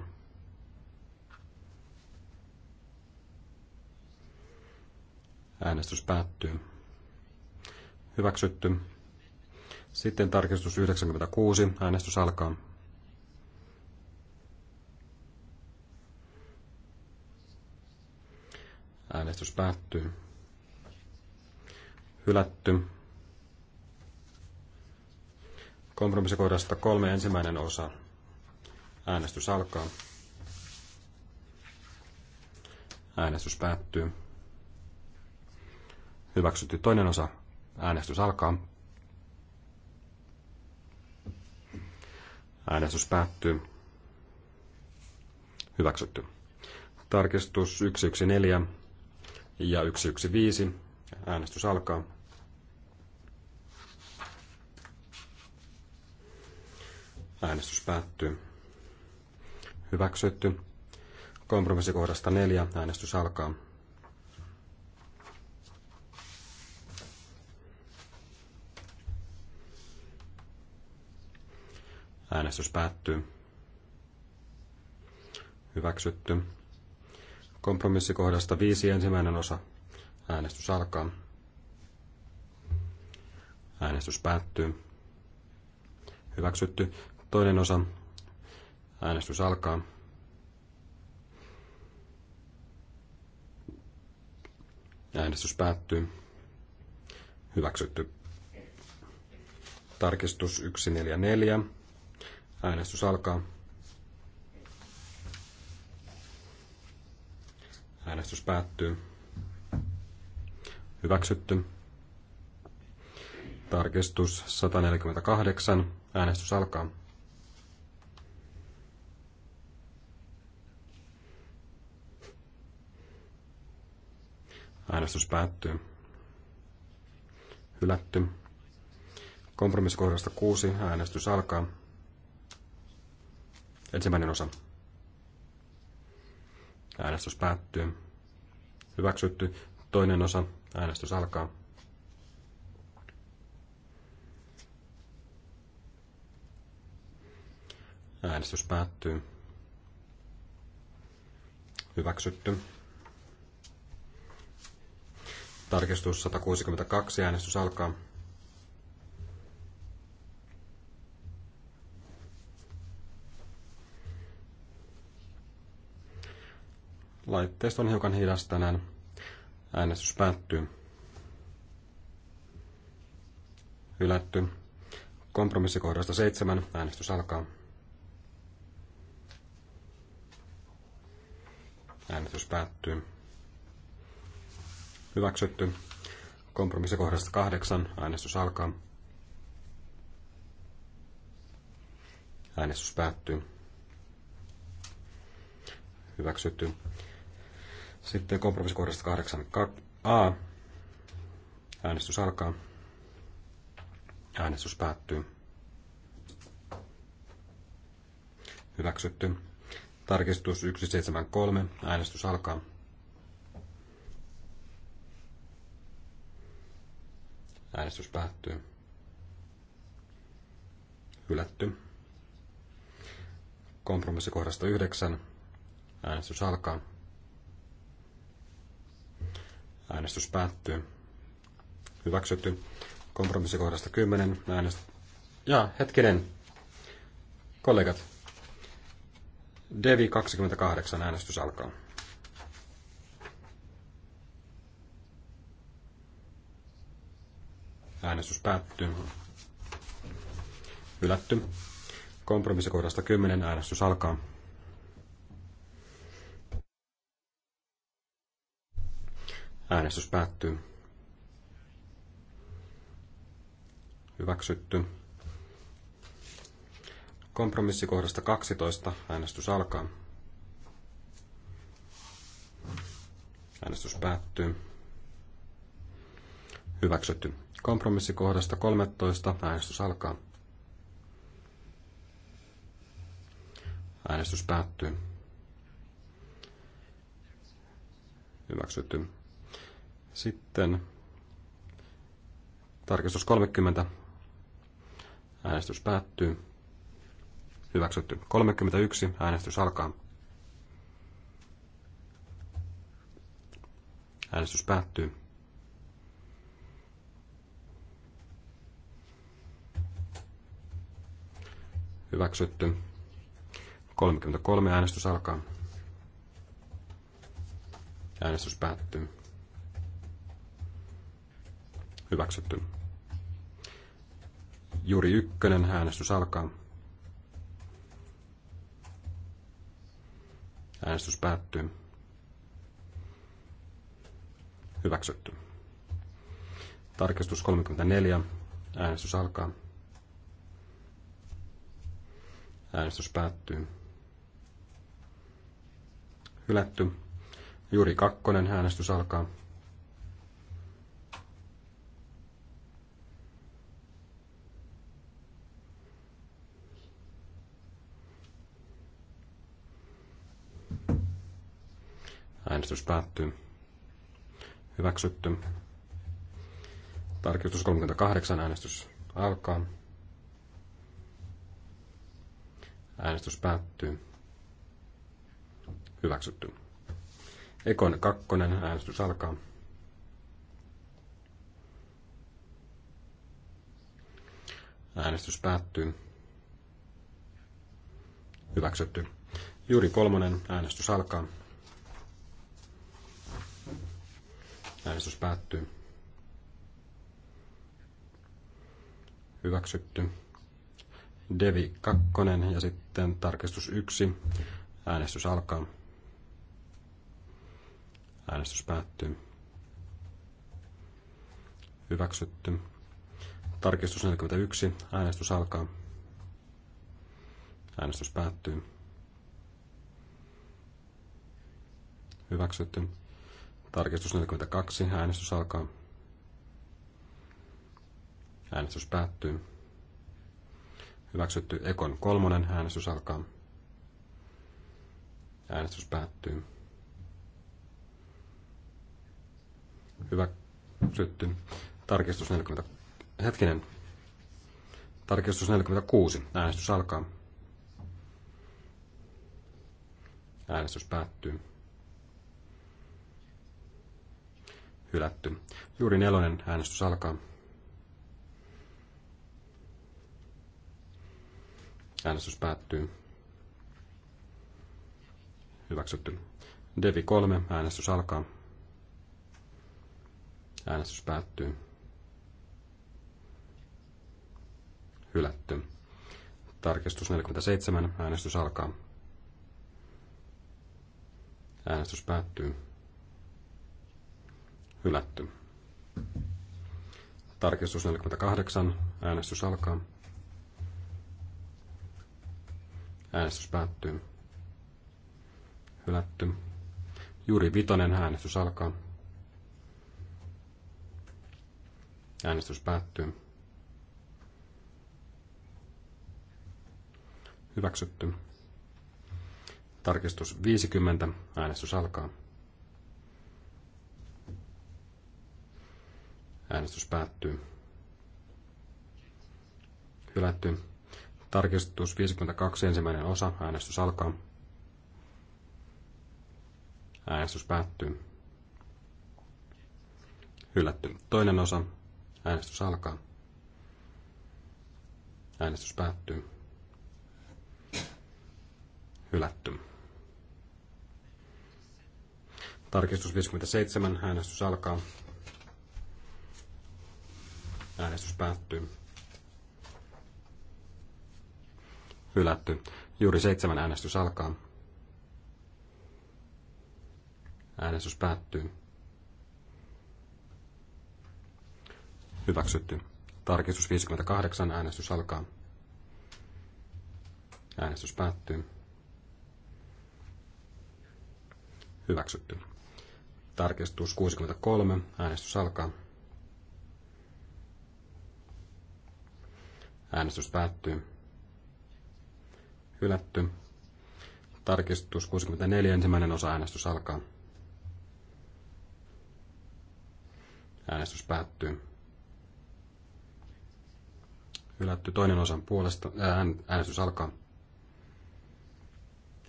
S3: Äänestys päättyy. Hyväksytty. Sitten tarkistus 96. Äänestys alkaa. Äänestys päättyy. Hylätty. Kompromissikohdasta kolme ensimmäinen osa. Äänestys alkaa. Äänestys päättyy. Hyväksytty toinen osa. Äänestys alkaa. Äänestys päättyy. Hyväksytty. Tarkistus 114 ja 115. Äänestys alkaa. Äänestys päättyy. Hyväksytty. Kompromissikohdasta 4. Äänestys alkaa. Äänestys päättyy. Hyväksytty. Kompromissikohdasta viisi ensimmäinen osa. Äänestys alkaa. Äänestys päättyy. Hyväksytty. Toinen osa. Äänestys alkaa. Äänestys päättyy. Hyväksytty. Tarkistus 144. Äänestys alkaa. Äänestys päättyy. Hyväksytty. Tarkistus 148. Äänestys alkaa. Äänestys päättyy. Hylätty. Kompromissikohdasta 6. Äänestys alkaa. Ensimmäinen osa. Äänestys päättyy. Hyväksytty. Toinen osa. Äänestys alkaa. Äänestys päättyy. Hyväksytty. Tarkistus 162. Äänestys alkaa. Laitteisto on hiukan hidas tänään. Äänestys päättyy. Hylätty. Kompromissikohdasta 7. Äänestys alkaa. Äänestys päättyy. Hyväksytty. Kompromissikohdasta 8. Äänestys alkaa. Äänestys päättyy. Hyväksytty. Sitten kompromissikohdasta 8a. Äänestys alkaa. Äänestys päättyy. Hyväksytty. Tarkistus 173. Äänestys alkaa. Äänestys päättyy. Hylätty. Kompromissikohdasta 9. Äänestys alkaa. Äänestys päättyy. Hyväksytty. Kompromissikohdasta 10. Äänest... Ja hetkinen. Kollegat. Devi 28. Äänestys alkaa. Äänestys päättyy. Hylätty. Kompromissikohdasta 10. Äänestys alkaa. Äänestys päättyy. Hyväksytty. Kompromissikohdasta 12. Äänestys alkaa. Äänestys päättyy. Hyväksytty. Kompromissikohdasta 13. Äänestys alkaa. Äänestys päättyy. Hyväksytty. Sitten tarkistus 30. Äänestys päättyy. Hyväksytty 31. Äänestys alkaa. Äänestys päättyy. Hyväksytty. 33 äänestys alkaa. Äänestys päättyy. Hyväksytty. Juuri ykkönen äänestys alkaa. Äänestys päättyy. Hyväksytty. Tarkistus 34. Äänestys alkaa. Äänestys päättyy. Hylätty. Juuri kakkonen äänestys alkaa. Äänestys päättyy. Hyväksytty. Tarkistus 38. Äänestys alkaa. Äänestys päättyy. Hyväksytty. Ekon kakkonen äänestys alkaa. Äänestys päättyy. Hyväksytty. Juuri kolmonen äänestys alkaa. Äänestys päättyy. Hyväksytty. Devi 2 ja sitten tarkistus 1. Äänestys alkaa. Äänestys päättyy. Hyväksytty. Tarkistus 41. Äänestys alkaa. Äänestys päättyy. Hyväksytty. Tarkistus 42. Äänestys alkaa. Äänestys päättyy. Hyväksytty Ekon kolmonen. Äänestys alkaa. Äänestys päättyy. Hyväksytty. Tarkistus 40. Hetkinen. Tarkistus 46. Äänestys alkaa. Äänestys päättyy. hylätty. Juuri nelonen äänestys alkaa. Äänestys päättyy. Hyväksytty. Devi 3, äänestys alkaa. Äänestys päättyy. Hylätty. Tarkistus 47, äänestys alkaa. Äänestys päättyy hylätty. Tarkistus 48. Äänestys alkaa. Äänestys päättyy. Hylätty. Juuri Vitonen äänestys alkaa. Äänestys päättyy. Hyväksytty. Tarkistus 50. Äänestys alkaa. Äänestys päättyy. Hylätty. Tarkistus 52, ensimmäinen osa. Äänestys alkaa. Äänestys päättyy. Hylätty. Toinen osa. Äänestys alkaa. Äänestys päättyy. Hylätty. Tarkistus 57. Äänestys alkaa. Äänestys päättyy. Hylätty. Juuri seitsemän äänestys alkaa. Äänestys päättyy. Hyväksytty. Tarkistus 58. Äänestys alkaa. Äänestys päättyy. Hyväksytty. Tarkistus 63. Äänestys alkaa. Äänestys päättyy. Hylätty. Tarkistus 64. Ensimmäinen osa äänestys alkaa. Äänestys päättyy. Hylätty toinen osan puolesta. Äänestys alkaa.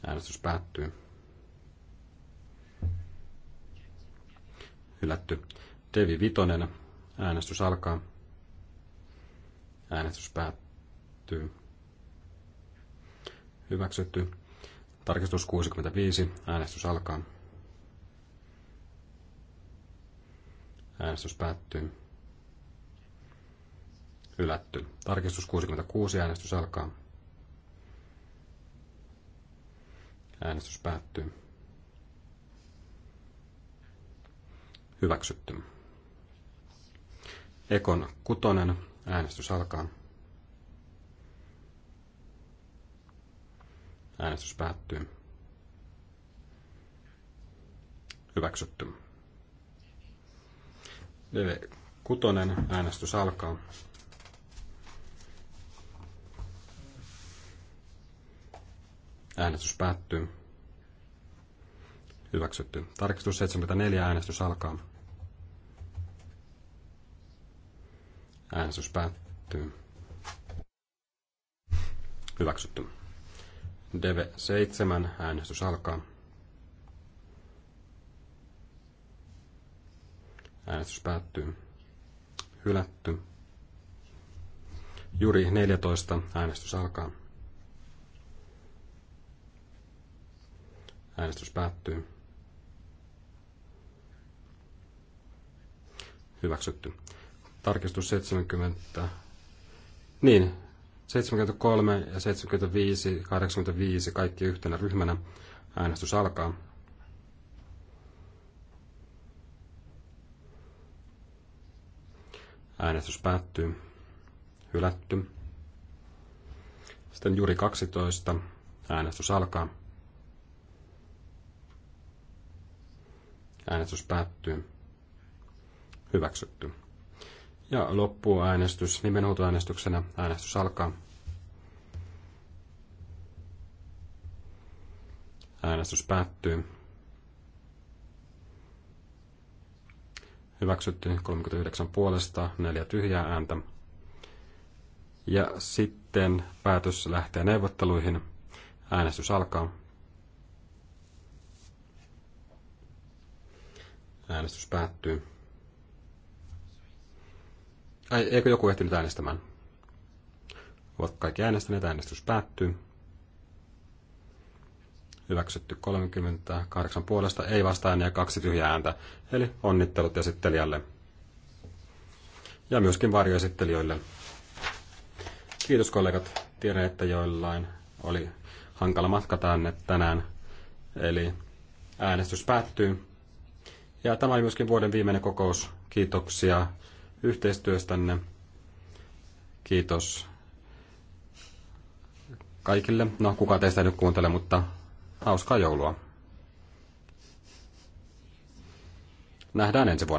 S3: Äänestys päättyy. Hylätty. Devi Vitonen. Äänestys alkaa. Äänestys päättyy. Hyväksytty. Tarkistus 65. Äänestys alkaa. Äänestys päättyy. Hylätty. Tarkistus 66. Äänestys alkaa. Äänestys päättyy. Hyväksytty. Ekon kutonen Äänestys alkaa. Äänestys päättyy. Hyväksytty. dv Äänestys alkaa. Äänestys päättyy. Hyväksytty. Tarkistus 74. Äänestys alkaa. Äänestys päättyy. Hyväksytty. Deve 7 Äänestys alkaa. Äänestys päättyy. Hylätty. Juri 14. Äänestys alkaa. Äänestys päättyy. Hyväksytty tarkistus 70. Niin, 73 ja 75, 85, kaikki yhtenä ryhmänä. Äänestys alkaa. Äänestys päättyy. Hylätty. Sitten juuri 12. Äänestys alkaa. Äänestys päättyy. Hyväksytty. Ja loppuu äänestys äänestyksenä. Äänestys alkaa. Äänestys päättyy. Hyväksytty 39 puolesta, neljä tyhjää ääntä. Ja sitten päätös lähtee neuvotteluihin. Äänestys alkaa. Äänestys päättyy. Ai, eikö joku ehtinyt äänestämään? Ovat kaikki äänestäneet, äänestys päättyy. Hyväksytty 38 puolesta, ei vastaan ja kaksi tyhjää ääntä. Eli onnittelut esittelijälle. Ja myöskin varjoesittelijöille. Kiitos kollegat. Tiedän, että joillain oli hankala matka tänne tänään. Eli äänestys päättyy. Ja tämä oli myöskin vuoden viimeinen kokous. Kiitoksia yhteistyöstänne. Kiitos kaikille. No, kuka teistä nyt kuuntelee, mutta hauskaa joulua. Nähdään ensi vuonna.